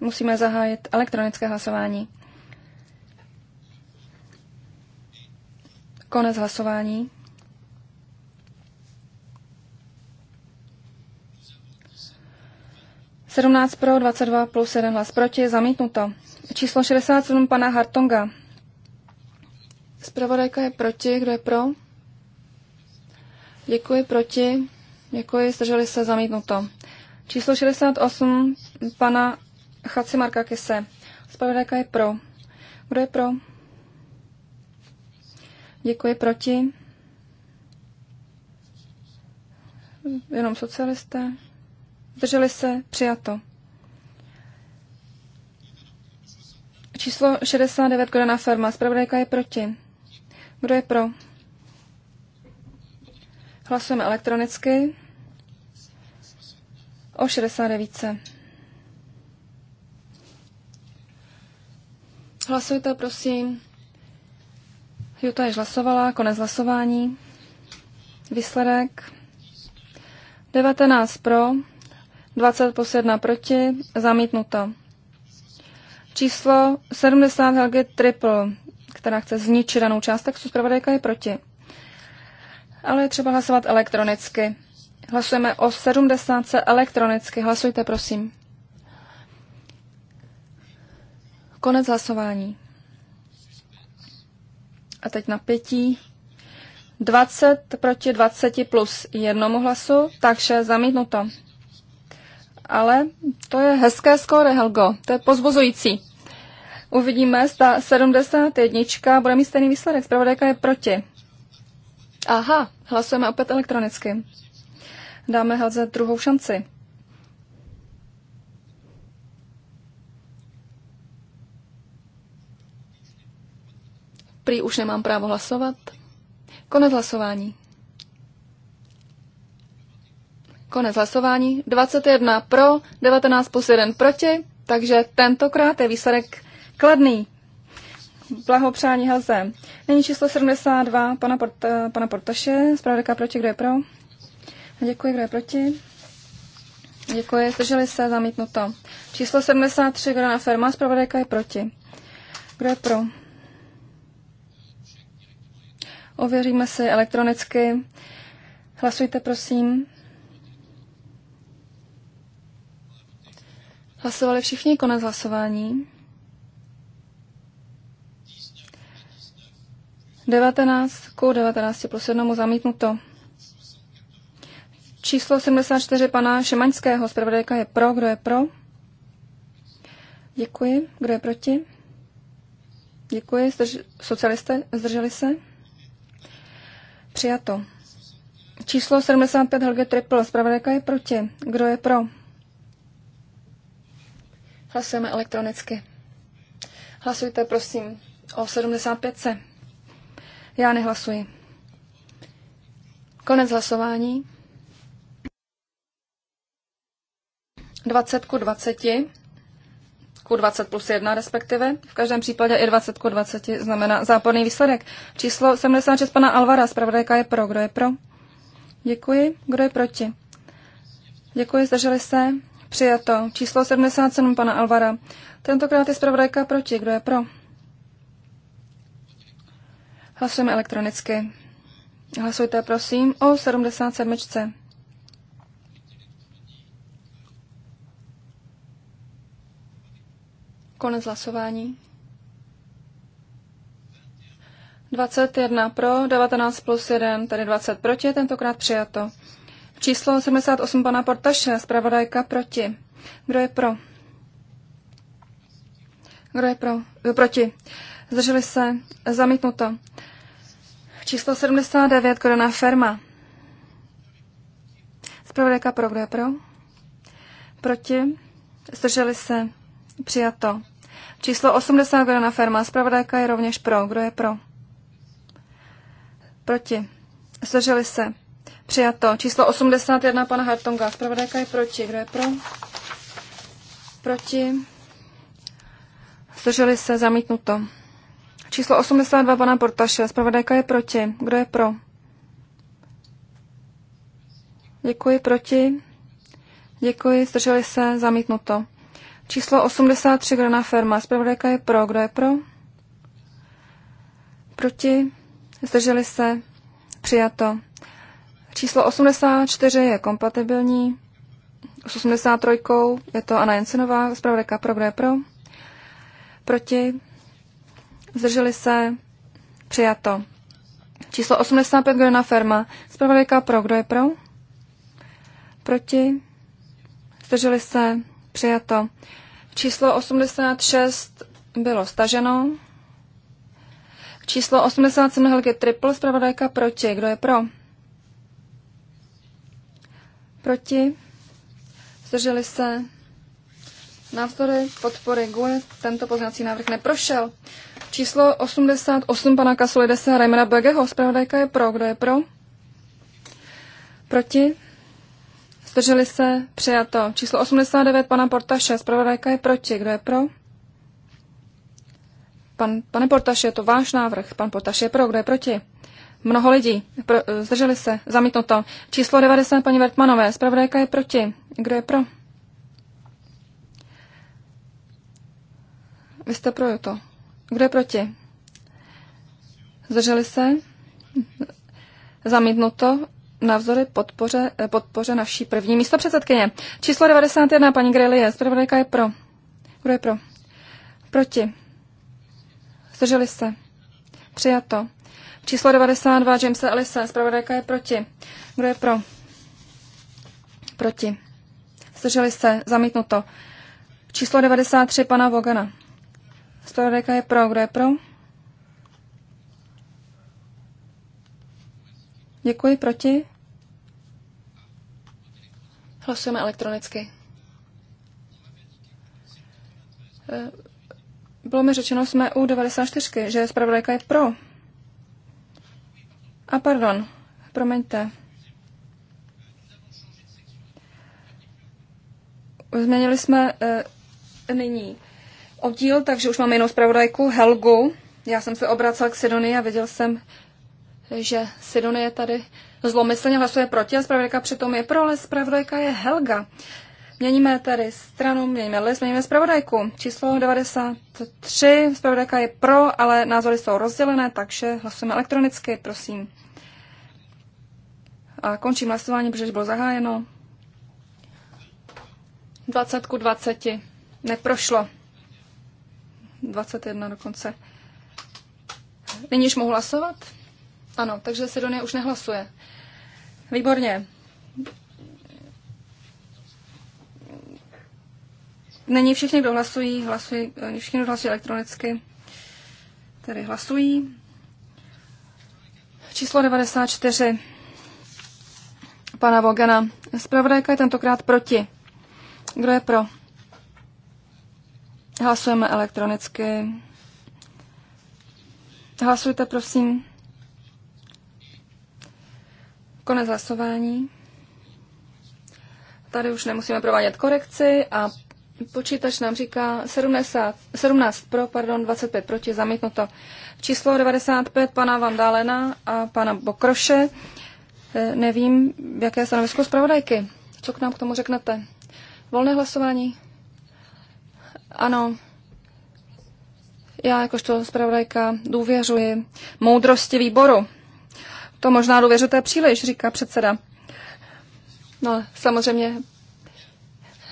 Musíme zahájit elektronické hlasování. Konec hlasování. 17 pro, 22 plus 1 hlas proti, zamítnuto. Číslo 67 pana Hartonga. Zpravodajka je proti, kdo je pro? Děkuji, proti. Děkuji, zdrželi se, zamítnuto. Číslo 68 pana Chaci Marka Kise. Zpravodajka je pro. Kdo je pro? Děkuji, proti. Jenom socialisté. Drželi se? Přijato. Číslo 69 na firma Spravodajka je proti. Kdo je pro? Hlasujeme elektronicky o 69. Hlasujte, prosím. Juta již hlasovala, konec hlasování. Výsledek 19 pro, 20 plus 1 proti, zamítnuto. Číslo 70 Helge Triple, která chce zničit danou část textu, zpravodajka je proti. Ale je třeba hlasovat elektronicky. Hlasujeme o 70 elektronicky. Hlasujte, prosím. Konec hlasování. A teď na pětí. 20 proti 20 plus jednomu hlasu, takže zamítnuto ale to je hezké skóre, Helgo. To je pozbuzující. Uvidíme, zda 71 bude mít stejný výsledek. Zpravodajka je proti. Aha, hlasujeme opět elektronicky. Dáme Helze druhou šanci. Prý už nemám právo hlasovat. Konec hlasování. Konec hlasování. 21 pro, 19 plus 1 proti, takže tentokrát je výsledek kladný. Blahopřání Helze. Nyní číslo 72 pana, Port, pana Portaše. Zpravodajka proti, kdo je pro? Děkuji, kdo je proti? Děkuji, zdrželi se, zamítnuto. Číslo 73, kdo na ferma, zpravodajka je proti. Kdo je pro? Ověříme si elektronicky. Hlasujte, prosím. Hlasovali všichni konec hlasování. 19 k 19 plus 1 zamítnuto. Číslo 74 pana Šemaňského, zpravodajka je pro, kdo je pro? Děkuji, kdo je proti? Děkuji, Zdrž- socialisté zdrželi se? Přijato. Číslo 75 Helge Triple, zpravodajka je proti, kdo je pro? Hlasujeme elektronicky. Hlasujte, prosím, o 75. Já nehlasuji. Konec hlasování. 20 ku 20, ku 20 plus 1 respektive, v každém případě i 20 ku 20 znamená záporný výsledek. Číslo 76 pana Alvara, zpravodajka je pro. Kdo je pro? Děkuji. Kdo je proti? Děkuji, zdrželi se. Přijato. Číslo 77 pana Alvara. Tentokrát je zpravodajka proti. Kdo je pro? Hlasujeme elektronicky. Hlasujte prosím o 77. Konec hlasování. 21 pro, 19 plus 1, tedy 20 proti, tentokrát přijato. Číslo 78 pana Portaše, zpravodajka proti. Kdo je pro? Kdo je pro? Eh, proti. Zdrželi se. Zamítnuto. Číslo 79, Korona Ferma. Zpravodajka pro, kdo je pro? Proti. Zdrželi se. Přijato. Číslo 80, Korona Ferma. Zpravodajka je rovněž pro. Kdo je pro? Proti. Zdrželi se. Přijato. Číslo 81 pana Hartonga. Zpravodajka je proti. Kdo je pro? Proti. Zdrželi se. Zamítnuto. Číslo 82 pana Portaše. Zpravodajka je proti. Kdo je pro? Děkuji. Proti. Děkuji. Zdrželi se. Zamítnuto. Číslo 83 Grana Ferma. Zpravodajka je pro. Kdo je pro? Proti. Zdrželi se. Přijato. Číslo 84 je kompatibilní s 83. Je to Anna Jensenová, zpravodajka pro kdo je pro. Proti. Zdrželi se. Přijato. Číslo 85 Grona Ferma. Zpravodajka pro kdo je pro. Proti. Zdrželi se. Přijato. Číslo 86 bylo staženo. Číslo 87 Helge Triple, zpravodajka proti. Kdo je pro? proti, zdrželi se. Navzdory podpory GUE tento poznací návrh neprošel. Číslo 88 pana Kasolidese a Reimera Begeho. Zpravodajka je pro. Kdo je pro? Proti? Zdrželi se? Přijato. Číslo 89 pana Portaše. Zpravodajka je proti. Kdo je pro? Pan, pane Portaše, je to váš návrh. Pan Portaše je pro. Kdo je proti? Mnoho lidí. Pro, eh, zdrželi se. Zamítnuto. Číslo 90 paní Vertmanové. Spravodajka je proti. Kdo je pro? Vy jste pro to. Kdo je proti? Zdrželi se? Zamítnuto navzory podpoře, eh, podpoře naší první místo předsedkyně. Číslo 91, paní Grely je. Zpravodajka je pro. Kdo je pro? Proti. Zdrželi se. Přijato. Číslo 92 Jamesa Elisa. Zpravodajka je proti. Kdo je pro? Proti. Zdrželi se. Zamítnuto. Číslo 93 pana Vogana. Zpravodajka je pro. Kdo je pro? Děkuji. Proti? Hlasujeme elektronicky. Eh, bylo mi řečeno, jsme u 94, že zpravodajka je pro. A pardon, promiňte. Změnili jsme e, nyní oddíl, takže už máme jinou zpravodajku, Helgu. Já jsem se obracel k Sidonii a viděl jsem, že Sidonie tady zlomyslně hlasuje proti a zpravodajka přitom je pro, ale zpravodajka je Helga. Měníme tady stranu, měníme list, měníme zpravodajku. Číslo 93, zpravodajka je pro, ale názory jsou rozdělené, takže hlasujeme elektronicky, prosím. A končím hlasování, protože bylo zahájeno. 20 ku 20. Neprošlo. 21 dokonce. Nyní už mohu hlasovat? Ano, takže Sidonie už nehlasuje. Výborně. Není všichni, kdo hlasují, hlasují, eh, všichni, kdo hlasují elektronicky, tedy hlasují. Číslo 94 pana Vogana. Spravodajka je tentokrát proti. Kdo je pro? Hlasujeme elektronicky. Hlasujte, prosím. Konec hlasování. Tady už nemusíme provádět korekci a počítač nám říká 70, 17 pro, pardon, 25 proti, zamítnuto. Číslo 95 pana Vandalena a pana Bokroše. Eh, nevím, jaké je stanovisko zpravodajky. Co k nám k tomu řeknete? Volné hlasování? Ano. Já jakožto zpravodajka důvěřuji moudrosti výboru. To možná důvěřujete příliš, říká předseda. No, samozřejmě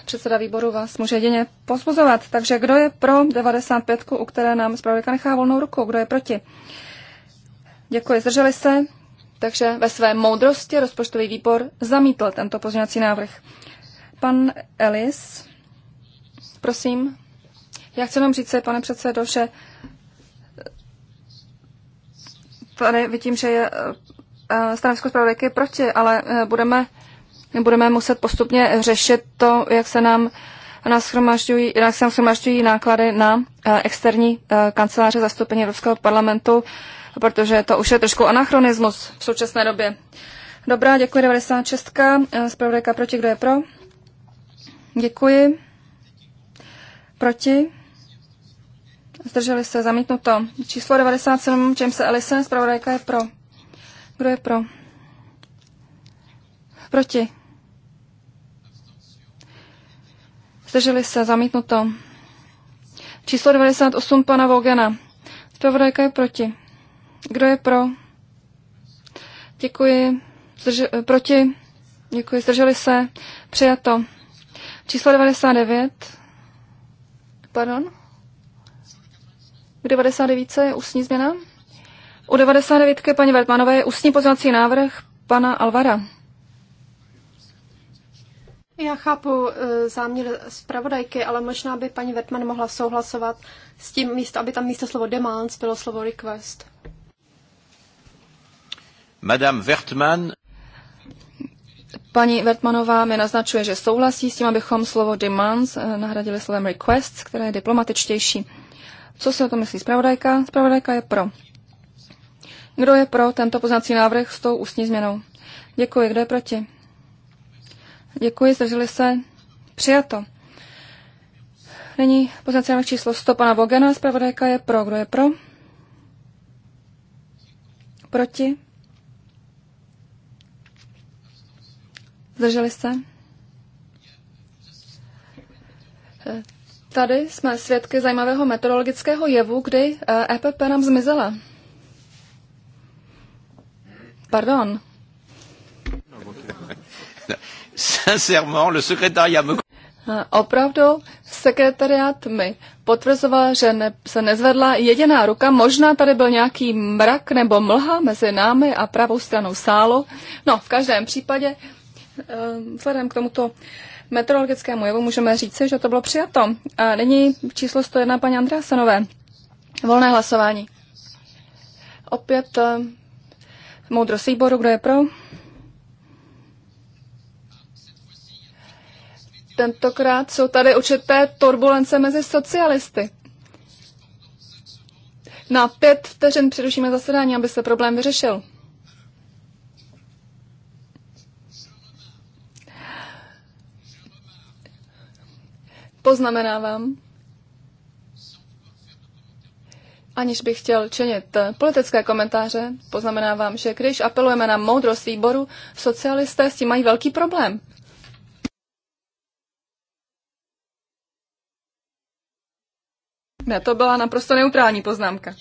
předseda výboru vás může jedině pozbuzovat. Takže kdo je pro 95, u které nám zpravodajka nechá volnou ruku? Kdo je proti? Děkuji. Zdrželi se? Takže ve své moudrosti rozpočtový výbor zamítl tento pozměňovací návrh. Pan Ellis, prosím. Já chci jenom říct, pane předsedo, že eh, tady vidím, že je eh, stanovisko zpravodajky proti, ale eh, budeme, budeme muset postupně řešit to, jak se nám nashromažďují, jak se nám náklady na externí kanceláře zastoupení Evropského parlamentu protože to už je trošku anachronismus v současné době. Dobrá, děkuji 96. Zpravodajka proti, kdo je pro? Děkuji. Proti? Zdrželi se, zamítnuto. Číslo 97, čem se Elise, zpravodajka je pro. Kdo je pro? Proti? Zdrželi se, zamítnuto. Číslo 98 pana Vogena. Zpravodajka je proti. Kdo je pro? Děkuji. Zdrž- eh, proti? Děkuji. Zdrželi se? Přijato. Číslo 99. Pardon? K 99 je ústní změna. U 99 paní Vertmanové je ústní pozvací návrh pana Alvara. Já chápu eh, záměr zpravodajky, ale možná by paní Vertman mohla souhlasovat s tím, místo, aby tam místo slovo demands bylo slovo request. Madame Wertmann. Paní Vertmanová mi naznačuje, že souhlasí s tím, abychom slovo demands eh, nahradili slovem requests, které je diplomatičtější. Co si o tom myslí zpravodajka? Zpravodajka je pro. Kdo je pro tento poznací návrh s tou ústní změnou? Děkuji. Kdo je proti? Děkuji. Zdrželi se? Přijato. Nyní poznací návrh číslo 100 pana Vogena. Zpravodajka je pro. Kdo je pro? Proti? Zdrželi se? Tady jsme svědky zajímavého meteorologického jevu, kdy EPP eh, e nám zmizela. Pardon. le eh, Opravdu sekretariát mi potvrzoval, že ne, se nezvedla jediná ruka. Možná tady byl nějaký mrak nebo mlha mezi námi a pravou stranou sálu. No, v každém případě Eh, vzhledem k tomuto meteorologickému jevu můžeme říci, že to bylo přijato. A nyní číslo 101 paní Andrásenové. Volné hlasování. Opět eh, moudrost výboru, kdo je pro? Tentokrát jsou tady určité turbulence mezi socialisty. Na pět vteřin přerušíme zasedání, aby se problém vyřešil. poznamenávám, aniž bych chtěl činit politické komentáře, poznamenávám, že když apelujeme na moudrost výboru, socialisté s tím mají velký problém. Ne, to byla naprosto neutrální poznámka.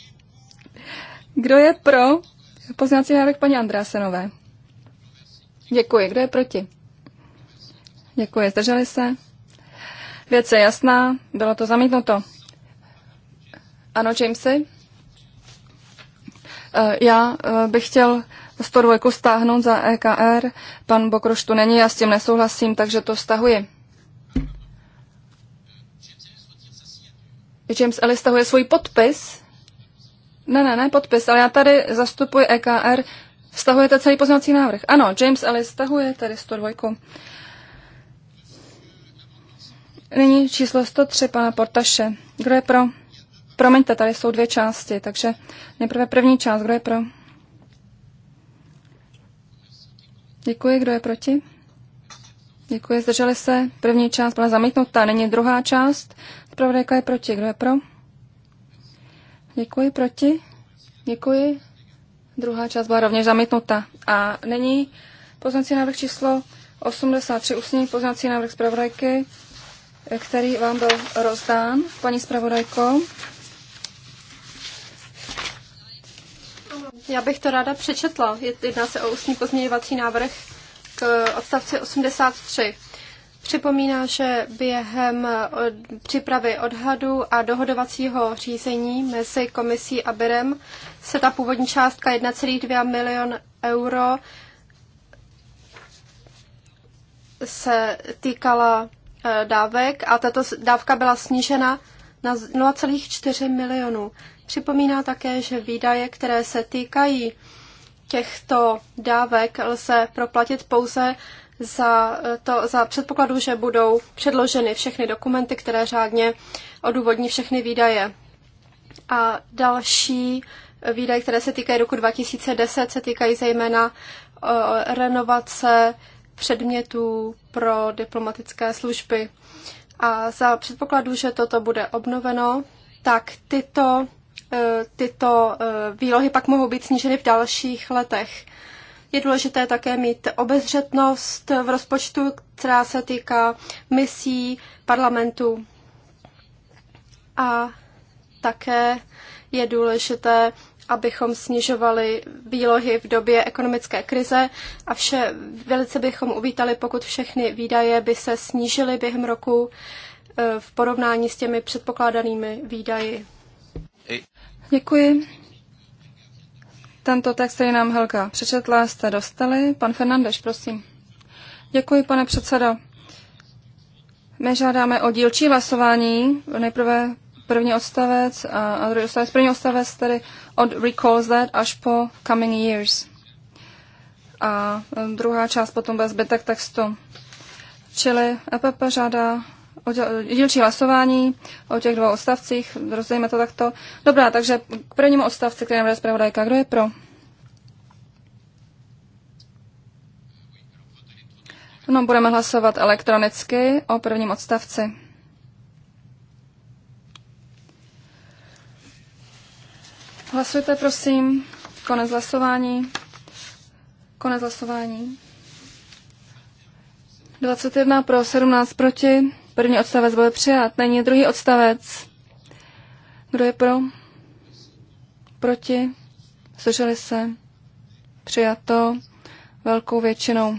Kdo je pro poznací návrh paní Andrásenové? Děkuji. Kdo je proti? Děkuji. Zdrželi se? Věc je jasná, bylo to zamítnuto. Ano, Jamesy? Eh, já eh, bych chtěl 102 stáhnout za EKR. Pan Bokroš tu není, já s tím nesouhlasím, takže to stahuji. James Ellis stahuje svůj podpis. Ne, ne, ne, podpis, ale já tady zastupuji EKR. Stahujete celý poznací návrh. Ano, James Ellis stahuje tady 102. Nyní číslo 103 pana Portaše. Kdo je pro? Promiňte, tady jsou dvě části, takže nejprve první část. Kdo je pro? Děkuji. Kdo je proti? Děkuji. Zdrželi se. První část byla zamítnutá, Není druhá část. Zpravodajka je proti. Kdo je pro? Děkuji. Proti? Děkuji. Druhá část byla rovněž zamítnuta. A nyní poznací návrh číslo 83, usnění poznací návrh zpravodajky který vám byl rozdán, paní zpravodajko. Já bych to ráda přečetla. Jedná se o ústní pozměňovací návrh k eh, odstavci 83. Připomíná, že během eh, přípravy odhadu a dohodovacího řízení mezi komisí a Birem se ta původní částka 1,2 milion euro se týkala Eh, dávek a tato dávka byla snížena na 0,4 milionů. Připomíná také, že výdaje, které se týkají těchto dávek, lze proplatit pouze za, eh, to, za předpokladu, že budou předloženy všechny dokumenty, které řádně odůvodní všechny výdaje. A další výdaje, které se týkají roku 2010, se týkají zejména eh, renovace předmětů pro diplomatické služby. A za předpokladu, že toto bude obnoveno, tak tyto, eh, tyto eh, výlohy pak mohou být sníženy v dalších letech. Je důležité také mít obezřetnost v rozpočtu, která se týká misí parlamentu. A také je důležité, abychom snižovali výlohy v době ekonomické krize a vše, velice bychom uvítali, pokud všechny výdaje by se snížily během roku e, v porovnání s těmi předpokládanými výdaji. Děkuji. Tento text, který nám Helka přečetla, jste dostali. Pan Fernandeš, prosím. Děkuji, pane předsedo. My žádáme o dílčí hlasování. Nejprve první odstavec a, a druhý odstavec. První odstavec tedy od Recalls That až po Coming Years. A druhá část potom bude zbytek textu. Čili EPP žádá dílčí hlasování o těch dvou odstavcích, Rozdejme to takto. Dobrá, takže k prvnímu odstavci, který navrhuje zpravodajka, kdo je pro? No, budeme hlasovat elektronicky o prvním odstavci. Hlasujte, prosím. Konec hlasování. Konec hlasování. 21 pro, 17 proti. První odstavec byl přijat. Není druhý odstavec. Kdo je pro? Proti? Slyšeli se? Přijato velkou většinou.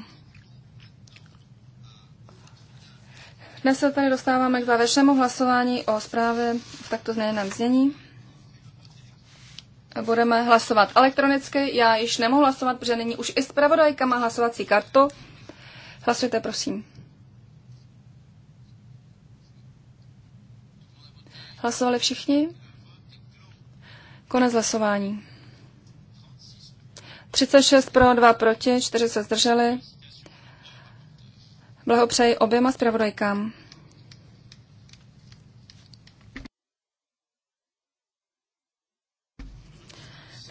Dnes se tady dostáváme k závěrečnému hlasování o zprávě v takto změněném znění budeme hlasovat elektronicky. Já již nemohu hlasovat, protože nyní už i zpravodajka má hlasovací kartu. Hlasujte, prosím. Hlasovali všichni? Konec hlasování. 36 pro, 2 proti, 4 se zdrželi. Blahopřeji oběma zpravodajkám.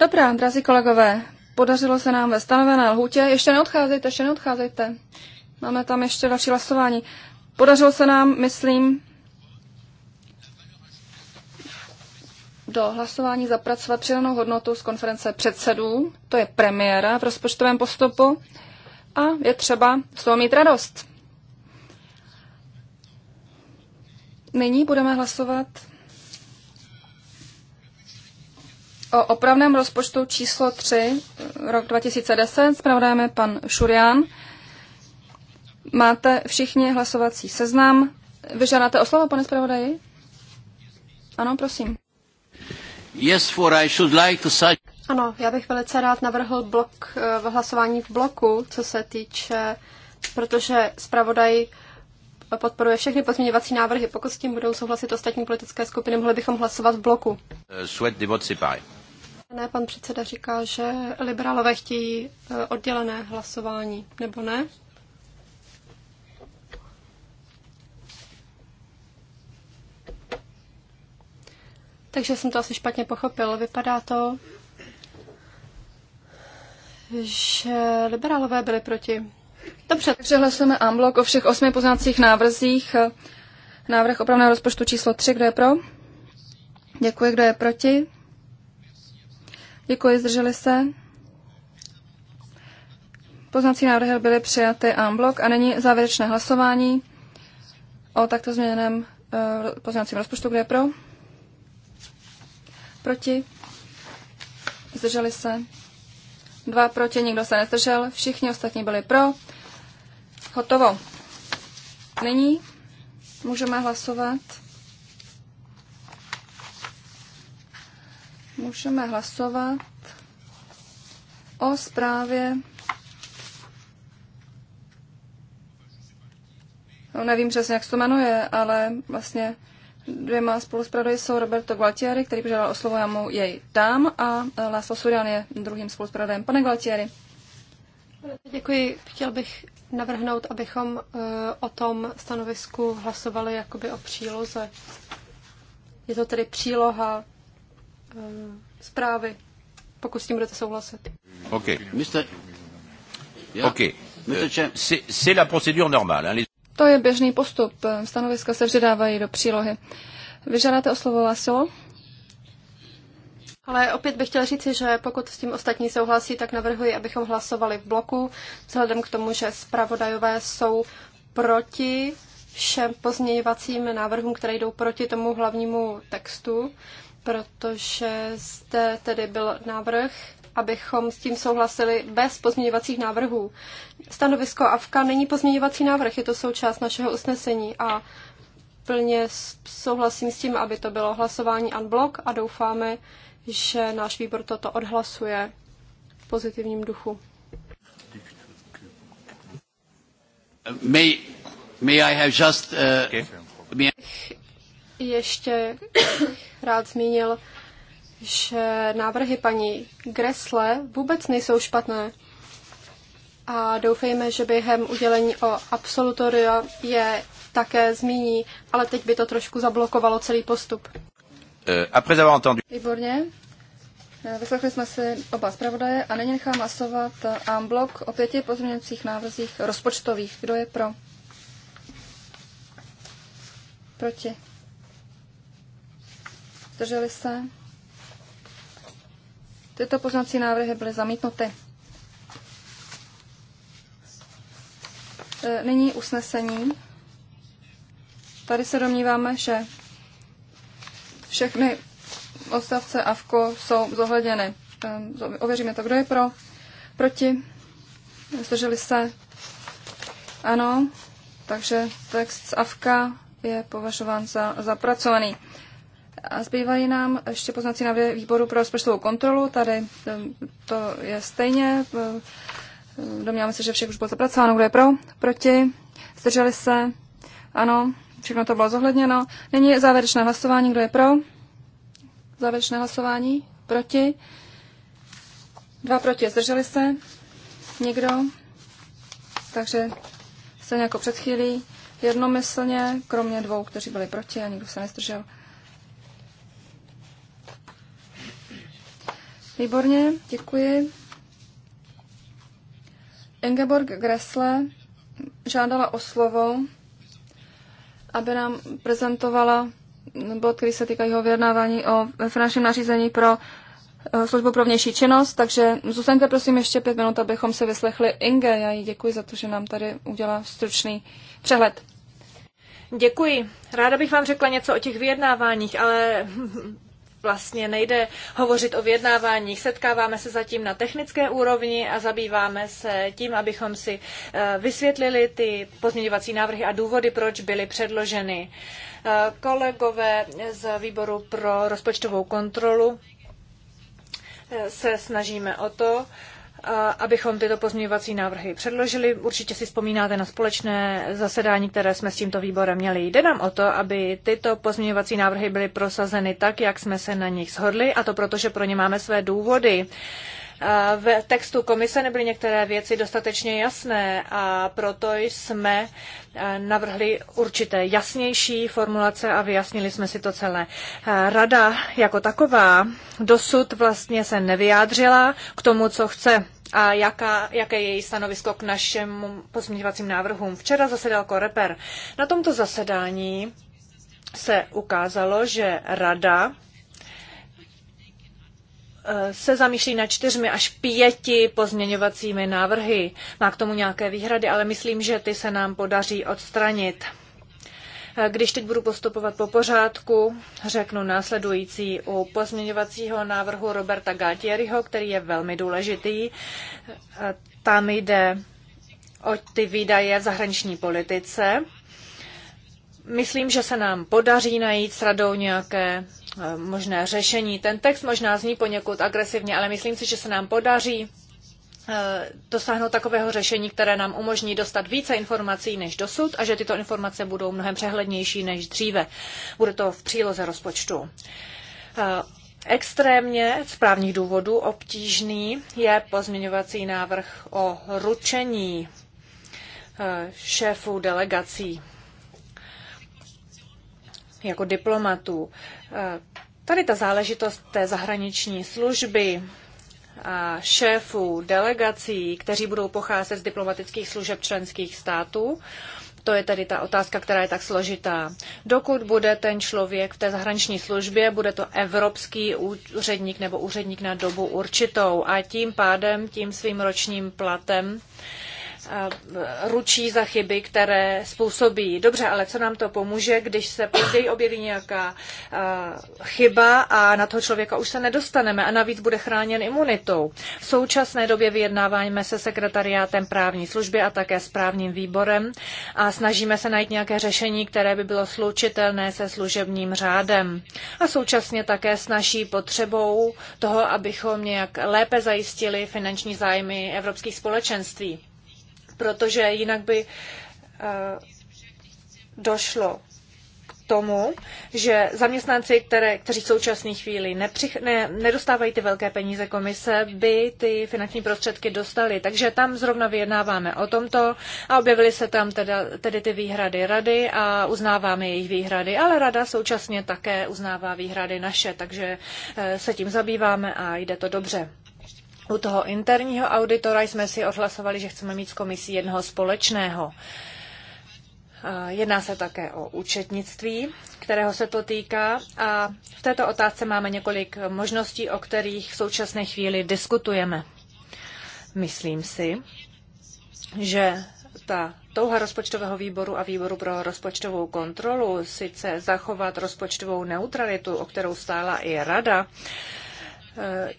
Dobrá, drazí kolegové, podařilo se nám ve stanovené lhůtě. Ještě neodcházejte, ještě neodcházejte. Máme tam ještě další hlasování. Podařilo se nám, myslím, do hlasování zapracovat přidanou hodnotu z konference předsedů, to je premiéra v rozpočtovém postupu a je třeba z toho mít radost. Nyní budeme hlasovat O opravném rozpočtu číslo 3, rok 2010, zpravodajeme pan Šurian. Máte všichni hlasovací seznam. Vyžádáte o slovo, pane zpravodaji? Ano, prosím. Yes, for I should like to say. Ano, já bych velice rád navrhl blok, eh, v hlasování v bloku, co se týče, protože zpravodaj podporuje všechny pozměňovací návrhy. Pokud s tím budou souhlasit ostatní politické skupiny, mohli bychom hlasovat v bloku. Eh, Souhait des votes ne, pan předseda říká, že liberálové chtějí e, oddělené hlasování, nebo ne? Takže jsem to asi špatně pochopil. Vypadá to, že liberálové byli proti. Dobře, takže hlasujeme unblock o všech osmi poznacích návrzích. Návrh opravného rozpočtu číslo 3, kdo je pro? Děkuji, kdo je proti? Děkuji, zdrželi se. Poznací návrhy byly přijaty en blok a není závěrečné hlasování o takto změněném eh, poznacím rozpočtu. Kdo je pro? Proti? Zdrželi se? Dva proti, nikdo se nezdržel, všichni ostatní byli pro. Hotovo. Nyní můžeme hlasovat můžeme hlasovat o zprávě. No, nevím přesně, jak se to jmenuje, ale vlastně dvěma spoluzpravodaji jsou Roberto Gualtieri, který požádal o slovo, já mu jej dám, a Láslo Surian je druhým spoluzpravodajem. Pane Gualtieri. Děkuji. Chtěl bych navrhnout, abychom eh, o tom stanovisku hlasovali jakoby o příloze. Je to tedy příloha Eh, zprávy, pokud s tím budete souhlasit. OK. Mister... Yeah. OK. Eh, c'est la procédure normale. Hein? To je běžný postup. Eh, stanoviska se předávají do přílohy. Vyžádáte o slovo Lasilo? Ale opět bych chtěla říci, že pokud s tím ostatní souhlasí, tak navrhuji, abychom hlasovali v bloku, vzhledem k tomu, že zpravodajové jsou proti všem pozměňovacím návrhům, které jdou proti tomu hlavnímu textu protože zde tedy byl návrh, abychom s tím souhlasili bez pozměňovacích návrhů. Stanovisko AVKA není pozměňovací návrh, je to součást našeho usnesení a plně souhlasím s tím, aby to bylo hlasování unblock a doufáme, že náš výbor toto odhlasuje v pozitivním duchu. May, may I have just, uh, okay ještě <coughs> rád zmínil, že návrhy paní Gresle vůbec nejsou špatné. A doufejme, že během udělení o absolutoria je také zmíní, ale teď by to trošku zablokovalo celý postup. Eh, Výborně. Eh, vyslechli jsme si oba zpravodaje a nyní nechám hlasovat en blok o pěti pozměňujících návrzích rozpočtových. Kdo je pro? Proti? zdrželi se. Tyto poznací návrhy byly zamítnuty. E, nyní usnesení. Tady se domníváme, že všechny odstavce AVKO jsou zohleděny. Ehm, ověříme to, kdo je pro, proti, zdrželi se. Ano, takže text z AVKA je považován za zapracovaný. A zbývají nám ještě poznací návrhy výboru pro rozpočtovou kontrolu. Tady um, to je stejně. Um, domníváme se, že všechno už bylo zapracováno. Kdo je pro? Proti? Zdrželi se? Ano, všechno to bylo zohledněno. Nyní závěrečné hlasování. Kdo je pro? Závěrečné hlasování? Proti? Dva proti, zdrželi se? Někdo? Takže se jako před chvílí jednomyslně, kromě dvou, kteří byli proti a nikdo se nezdržel. Výborně, děkuji. Ingeborg Gressle žádala o slovo, aby nám prezentovala bod, který se týká jeho vyjednávání o finančním nařízení pro eh, službu pro vnější činnost, takže zůstaňte prosím ještě pět minut, abychom se vyslechli Inge. Já jí děkuji za to, že nám tady udělá stručný přehled. Děkuji. Ráda bych vám řekla něco o těch vyjednáváních, ale vlastně nejde hovořit o vyjednávání. Setkáváme se zatím na technické úrovni a zabýváme se tím, abychom si eh, vysvětlili ty pozměňovací návrhy a důvody, proč byly předloženy. Eh, kolegové z výboru pro rozpočtovou kontrolu eh, se snažíme o to, abychom tyto pozměňovací návrhy předložili. Určitě si vzpomínáte na společné zasedání, které jsme s tímto výborem měli. Jde nám o to, aby tyto pozměňovací návrhy byly prosazeny tak, jak jsme se na nich shodli, a to proto, že pro ně máme své důvody. V textu komise nebyly některé věci dostatečně jasné a proto jsme e, navrhli určité jasnější formulace a vyjasnili jsme si to celé. E, rada jako taková dosud vlastně se nevyjádřila k tomu, co chce a jaká, jaké je její stanovisko k našem pozměňovacím návrhům. Včera zasedal Koreper. Na tomto zasedání se ukázalo, že rada Eh, se zamýšlí na čtyřmi až pěti pozměňovacími návrhy. Má k tomu nějaké výhrady, ale myslím, že ty se nám podaří odstranit. Eh, když teď budu postupovat po pořádku, řeknu následující u pozměňovacího návrhu Roberta Gatieriho, který je velmi důležitý. Eh, tam jde o ty výdaje v zahraniční politice. Myslím, že se nám podaří najít s radou nějaké eh, možné řešení. Ten text možná zní poněkud agresivně, ale myslím si, že se nám podaří eh, dosáhnout takového řešení, které nám umožní dostat více informací než dosud a že tyto informace budou mnohem přehlednější než dříve. Bude to v příloze rozpočtu. Eh, extrémně z právních důvodů obtížný je pozměňovací návrh o ručení šéfů delegací jako diplomatů. Eh, tady ta záležitost té zahraniční služby a šéfů delegací, kteří budou pocházet z diplomatických služeb členských států, to je tedy ta otázka, která je tak složitá. Dokud bude ten člověk v té zahraniční službě, bude to evropský úředník nebo úředník na dobu určitou a tím pádem, tím svým ročním platem, uh, E, ručí za chyby, které způsobí. Dobře, ale co nám to pomůže, když se později objeví nějaká chyba a na toho člověka už se nedostaneme a navíc bude chráněn imunitou. V současné době vyjednáváme se sekretariátem právní služby a také s právním výborem a snažíme se najít nějaké řešení, které by bylo slučitelné se služebním řádem. A současně také s naší potřebou toho, abychom nějak lépe zajistili finanční zájmy evropských společenství protože jinak by eh, došlo k tomu, že zaměstnanci, které, kteří v současné chvíli nepřich, ne, nedostávají ty velké peníze komise, by ty finanční prostředky dostali. Takže tam zrovna vyjednáváme o tomto a objevily se tam teda, tedy ty výhrady rady a uznáváme jejich výhrady, ale rada současně také uznává výhrady naše, takže eh, se tím zabýváme a jde to dobře. U toho interního auditora jsme si odhlasovali, že chceme mít s komisí jednoho společného. Jedná se také o účetnictví, kterého se to týká. A v této otázce máme několik možností, o kterých v současné chvíli diskutujeme. Myslím si, že ta touha rozpočtového výboru a výboru pro rozpočtovou kontrolu sice zachovat rozpočtovou neutralitu, o kterou stála i rada, e,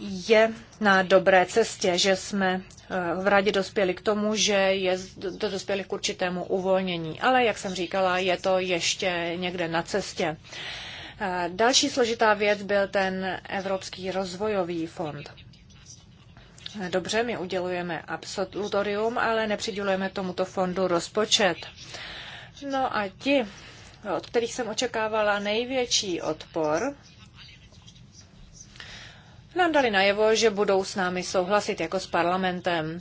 je na dobré cestě, že jsme eh, v radě dospěli k tomu, že je, dospěli k určitému uvolnění. Ale, jak jsem říkala, je to ještě někde na cestě. Eh, další složitá věc byl ten Evropský rozvojový fond. Eh, dobře, my udělujeme absolutorium, ale nepřidělujeme tomuto fondu rozpočet. No a ti, od kterých jsem očekávala největší odpor, nám dali najevo, že budou s námi souhlasit jako s parlamentem.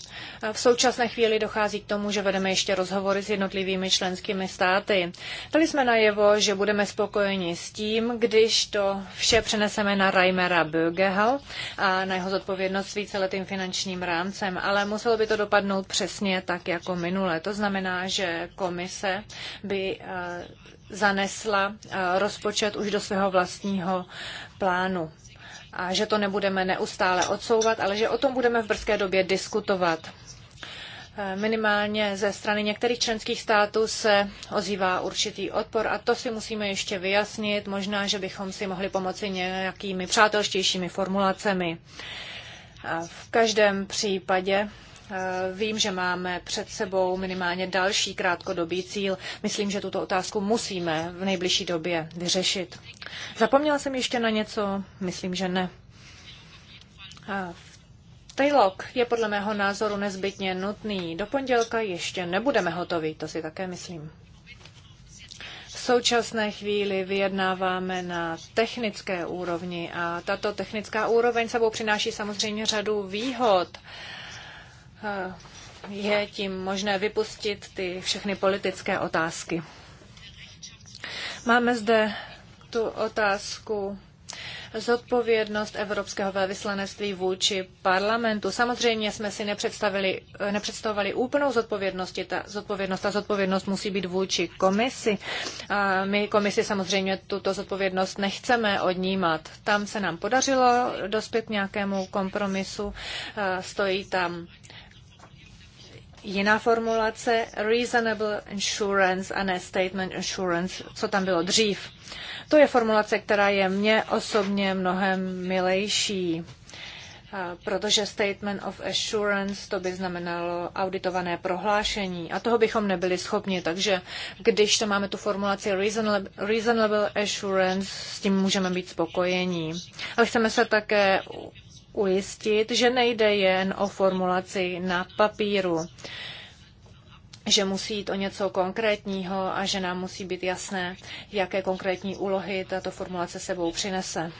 V současné chvíli dochází k tomu, že vedeme ještě rozhovory s jednotlivými členskými státy. Dali jsme najevo, že budeme spokojeni s tím, když to vše přeneseme na Reimera Bögehal a na jeho zodpovědnost s víceletým finančním rámcem, ale muselo by to dopadnout přesně tak jako minule. To znamená, že komise by eh, zanesla eh, rozpočet už do svého vlastního plánu a že to nebudeme neustále odsouvat, ale že o tom budeme v brzké době diskutovat. Eh, minimálně ze strany některých členských států se ozývá určitý odpor a to si musíme ještě vyjasnit. Možná, že bychom si mohli pomoci nějakými přátelštějšími formulacemi. v každém případě Eh, vím, že máme před sebou minimálně další krátkodobý cíl. Myslím, že tuto otázku musíme v nejbližší době vyřešit. Zapomněla jsem ještě na něco? Myslím, že ne. Tejlok je podle mého názoru nezbytně nutný. Do pondělka ještě nebudeme hotoví, to si také myslím. V současné chvíli vyjednáváme na technické úrovni a tato technická úroveň sebou přináší samozřejmě řadu výhod. Uh, je tím možné vypustit ty všechny politické otázky. Máme zde tu otázku zodpovědnost Evropského velvyslanectví vůči parlamentu. Samozřejmě jsme si nepředstavili, nepředstavovali úplnou zodpovědnost. Ta zodpovědnost, ta zodpovědnost musí být vůči komisi. A my komisi samozřejmě tuto zodpovědnost nechceme odnímat. Tam se nám podařilo dospět nějakému kompromisu. Stojí tam jiná formulace, reasonable insurance a ne statement insurance, co tam bylo dřív. To je formulace, která je mně osobně mnohem milejší, protože statement of assurance to by znamenalo auditované prohlášení a toho bychom nebyli schopni, takže když to máme tu formulaci reasonable, assurance, s tím můžeme být spokojení. Ale chceme se také ujistit, že nejde jen o formulaci na papíru, že musí jít o něco konkrétního a že nám musí být jasné, jaké konkrétní úlohy tato formulace sebou přinese.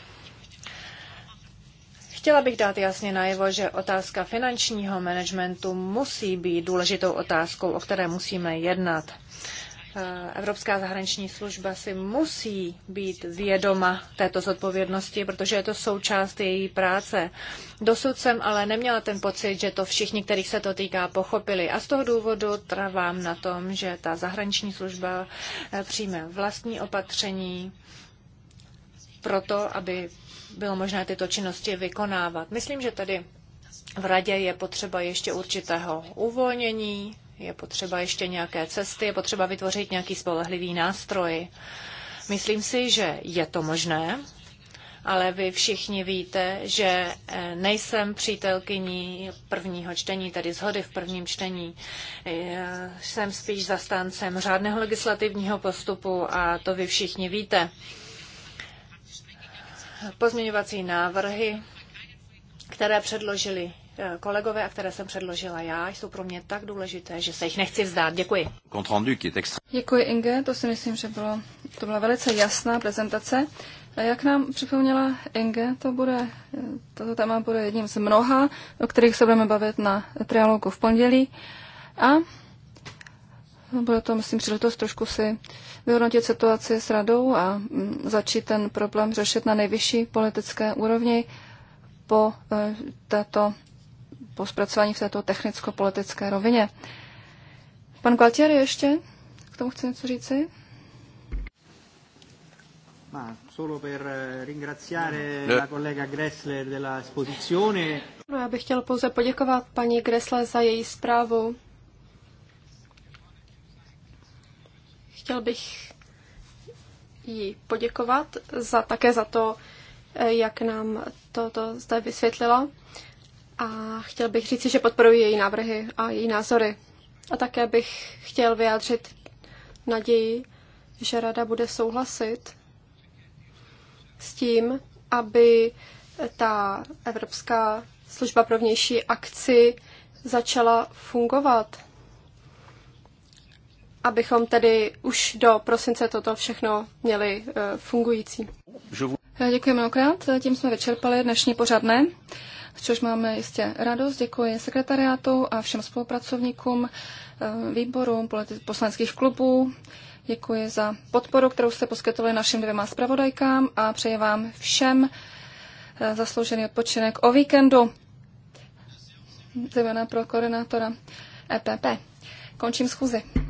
Chtěla bych dát jasně najevo, že otázka finančního managementu musí být důležitou otázkou, o které musíme jednat. Eh, Evropská zahraniční služba si musí být vědoma této zodpovědnosti, protože je to součást její práce. Dosud jsem ale neměla ten pocit, že to všichni, kterých se to týká, pochopili. A z toho důvodu trvám na tom, že ta zahraniční služba eh, přijme vlastní opatření proto, aby bylo možné tyto činnosti vykonávat. Myslím, že tady v radě je potřeba ještě určitého uvolnění, je potřeba ještě nějaké cesty, je potřeba vytvořit nějaký spolehlivý nástroj. Myslím si, že je to možné, ale vy všichni víte, že eh, nejsem přítelkyní prvního čtení, tedy zhody v prvním čtení. Eh, jsem spíš zastáncem řádného legislativního postupu a to vy všichni víte. Pozměňovací návrhy, které předložili kolegové a které jsem předložila já, jsou pro mě tak důležité, že se jich nechci vzdát. Děkuji. Děkuji Inge, to si myslím, že bylo, to byla velice jasná prezentace. A jak nám připomněla Inge, to bude, toto téma bude jedním z mnoha, o kterých se budeme bavit na trialogu v pondělí. A bude to, myslím, příležitost trošku si vyhodnotit situaci s radou a mm, začít ten problém řešit na nejvyšší politické úrovni po e, této po zpracování v této technicko-politické rovině. Pan Gualtieri ještě k tomu chce něco říci? Eh, no, já bych chtěl pouze poděkovat paní Gressler za její zprávu. Chtěl bych jí poděkovat za, také za to, eh, jak nám toto zde vysvětlila a chtěl bych říct, že podporuji její návrhy a její názory. A také bych chtěl vyjádřit naději, že rada bude souhlasit s tím, aby ta Evropská služba pro vnější akci začala fungovat. Abychom tedy už do prosince toto všechno měli eh, fungující. Děkuji mnohokrát. Tím jsme vyčerpali dnešní pořadné což máme jistě radost. Děkuji sekretariátu a všem spolupracovníkům, eh, výborům, poslaneckých klubů. Děkuji za podporu, kterou jste poskytovali našim dvěma zpravodajkám a přeji vám všem eh, zasloužený odpočinek o víkendu, zejména pro koordinátora EPP. Končím schůzi.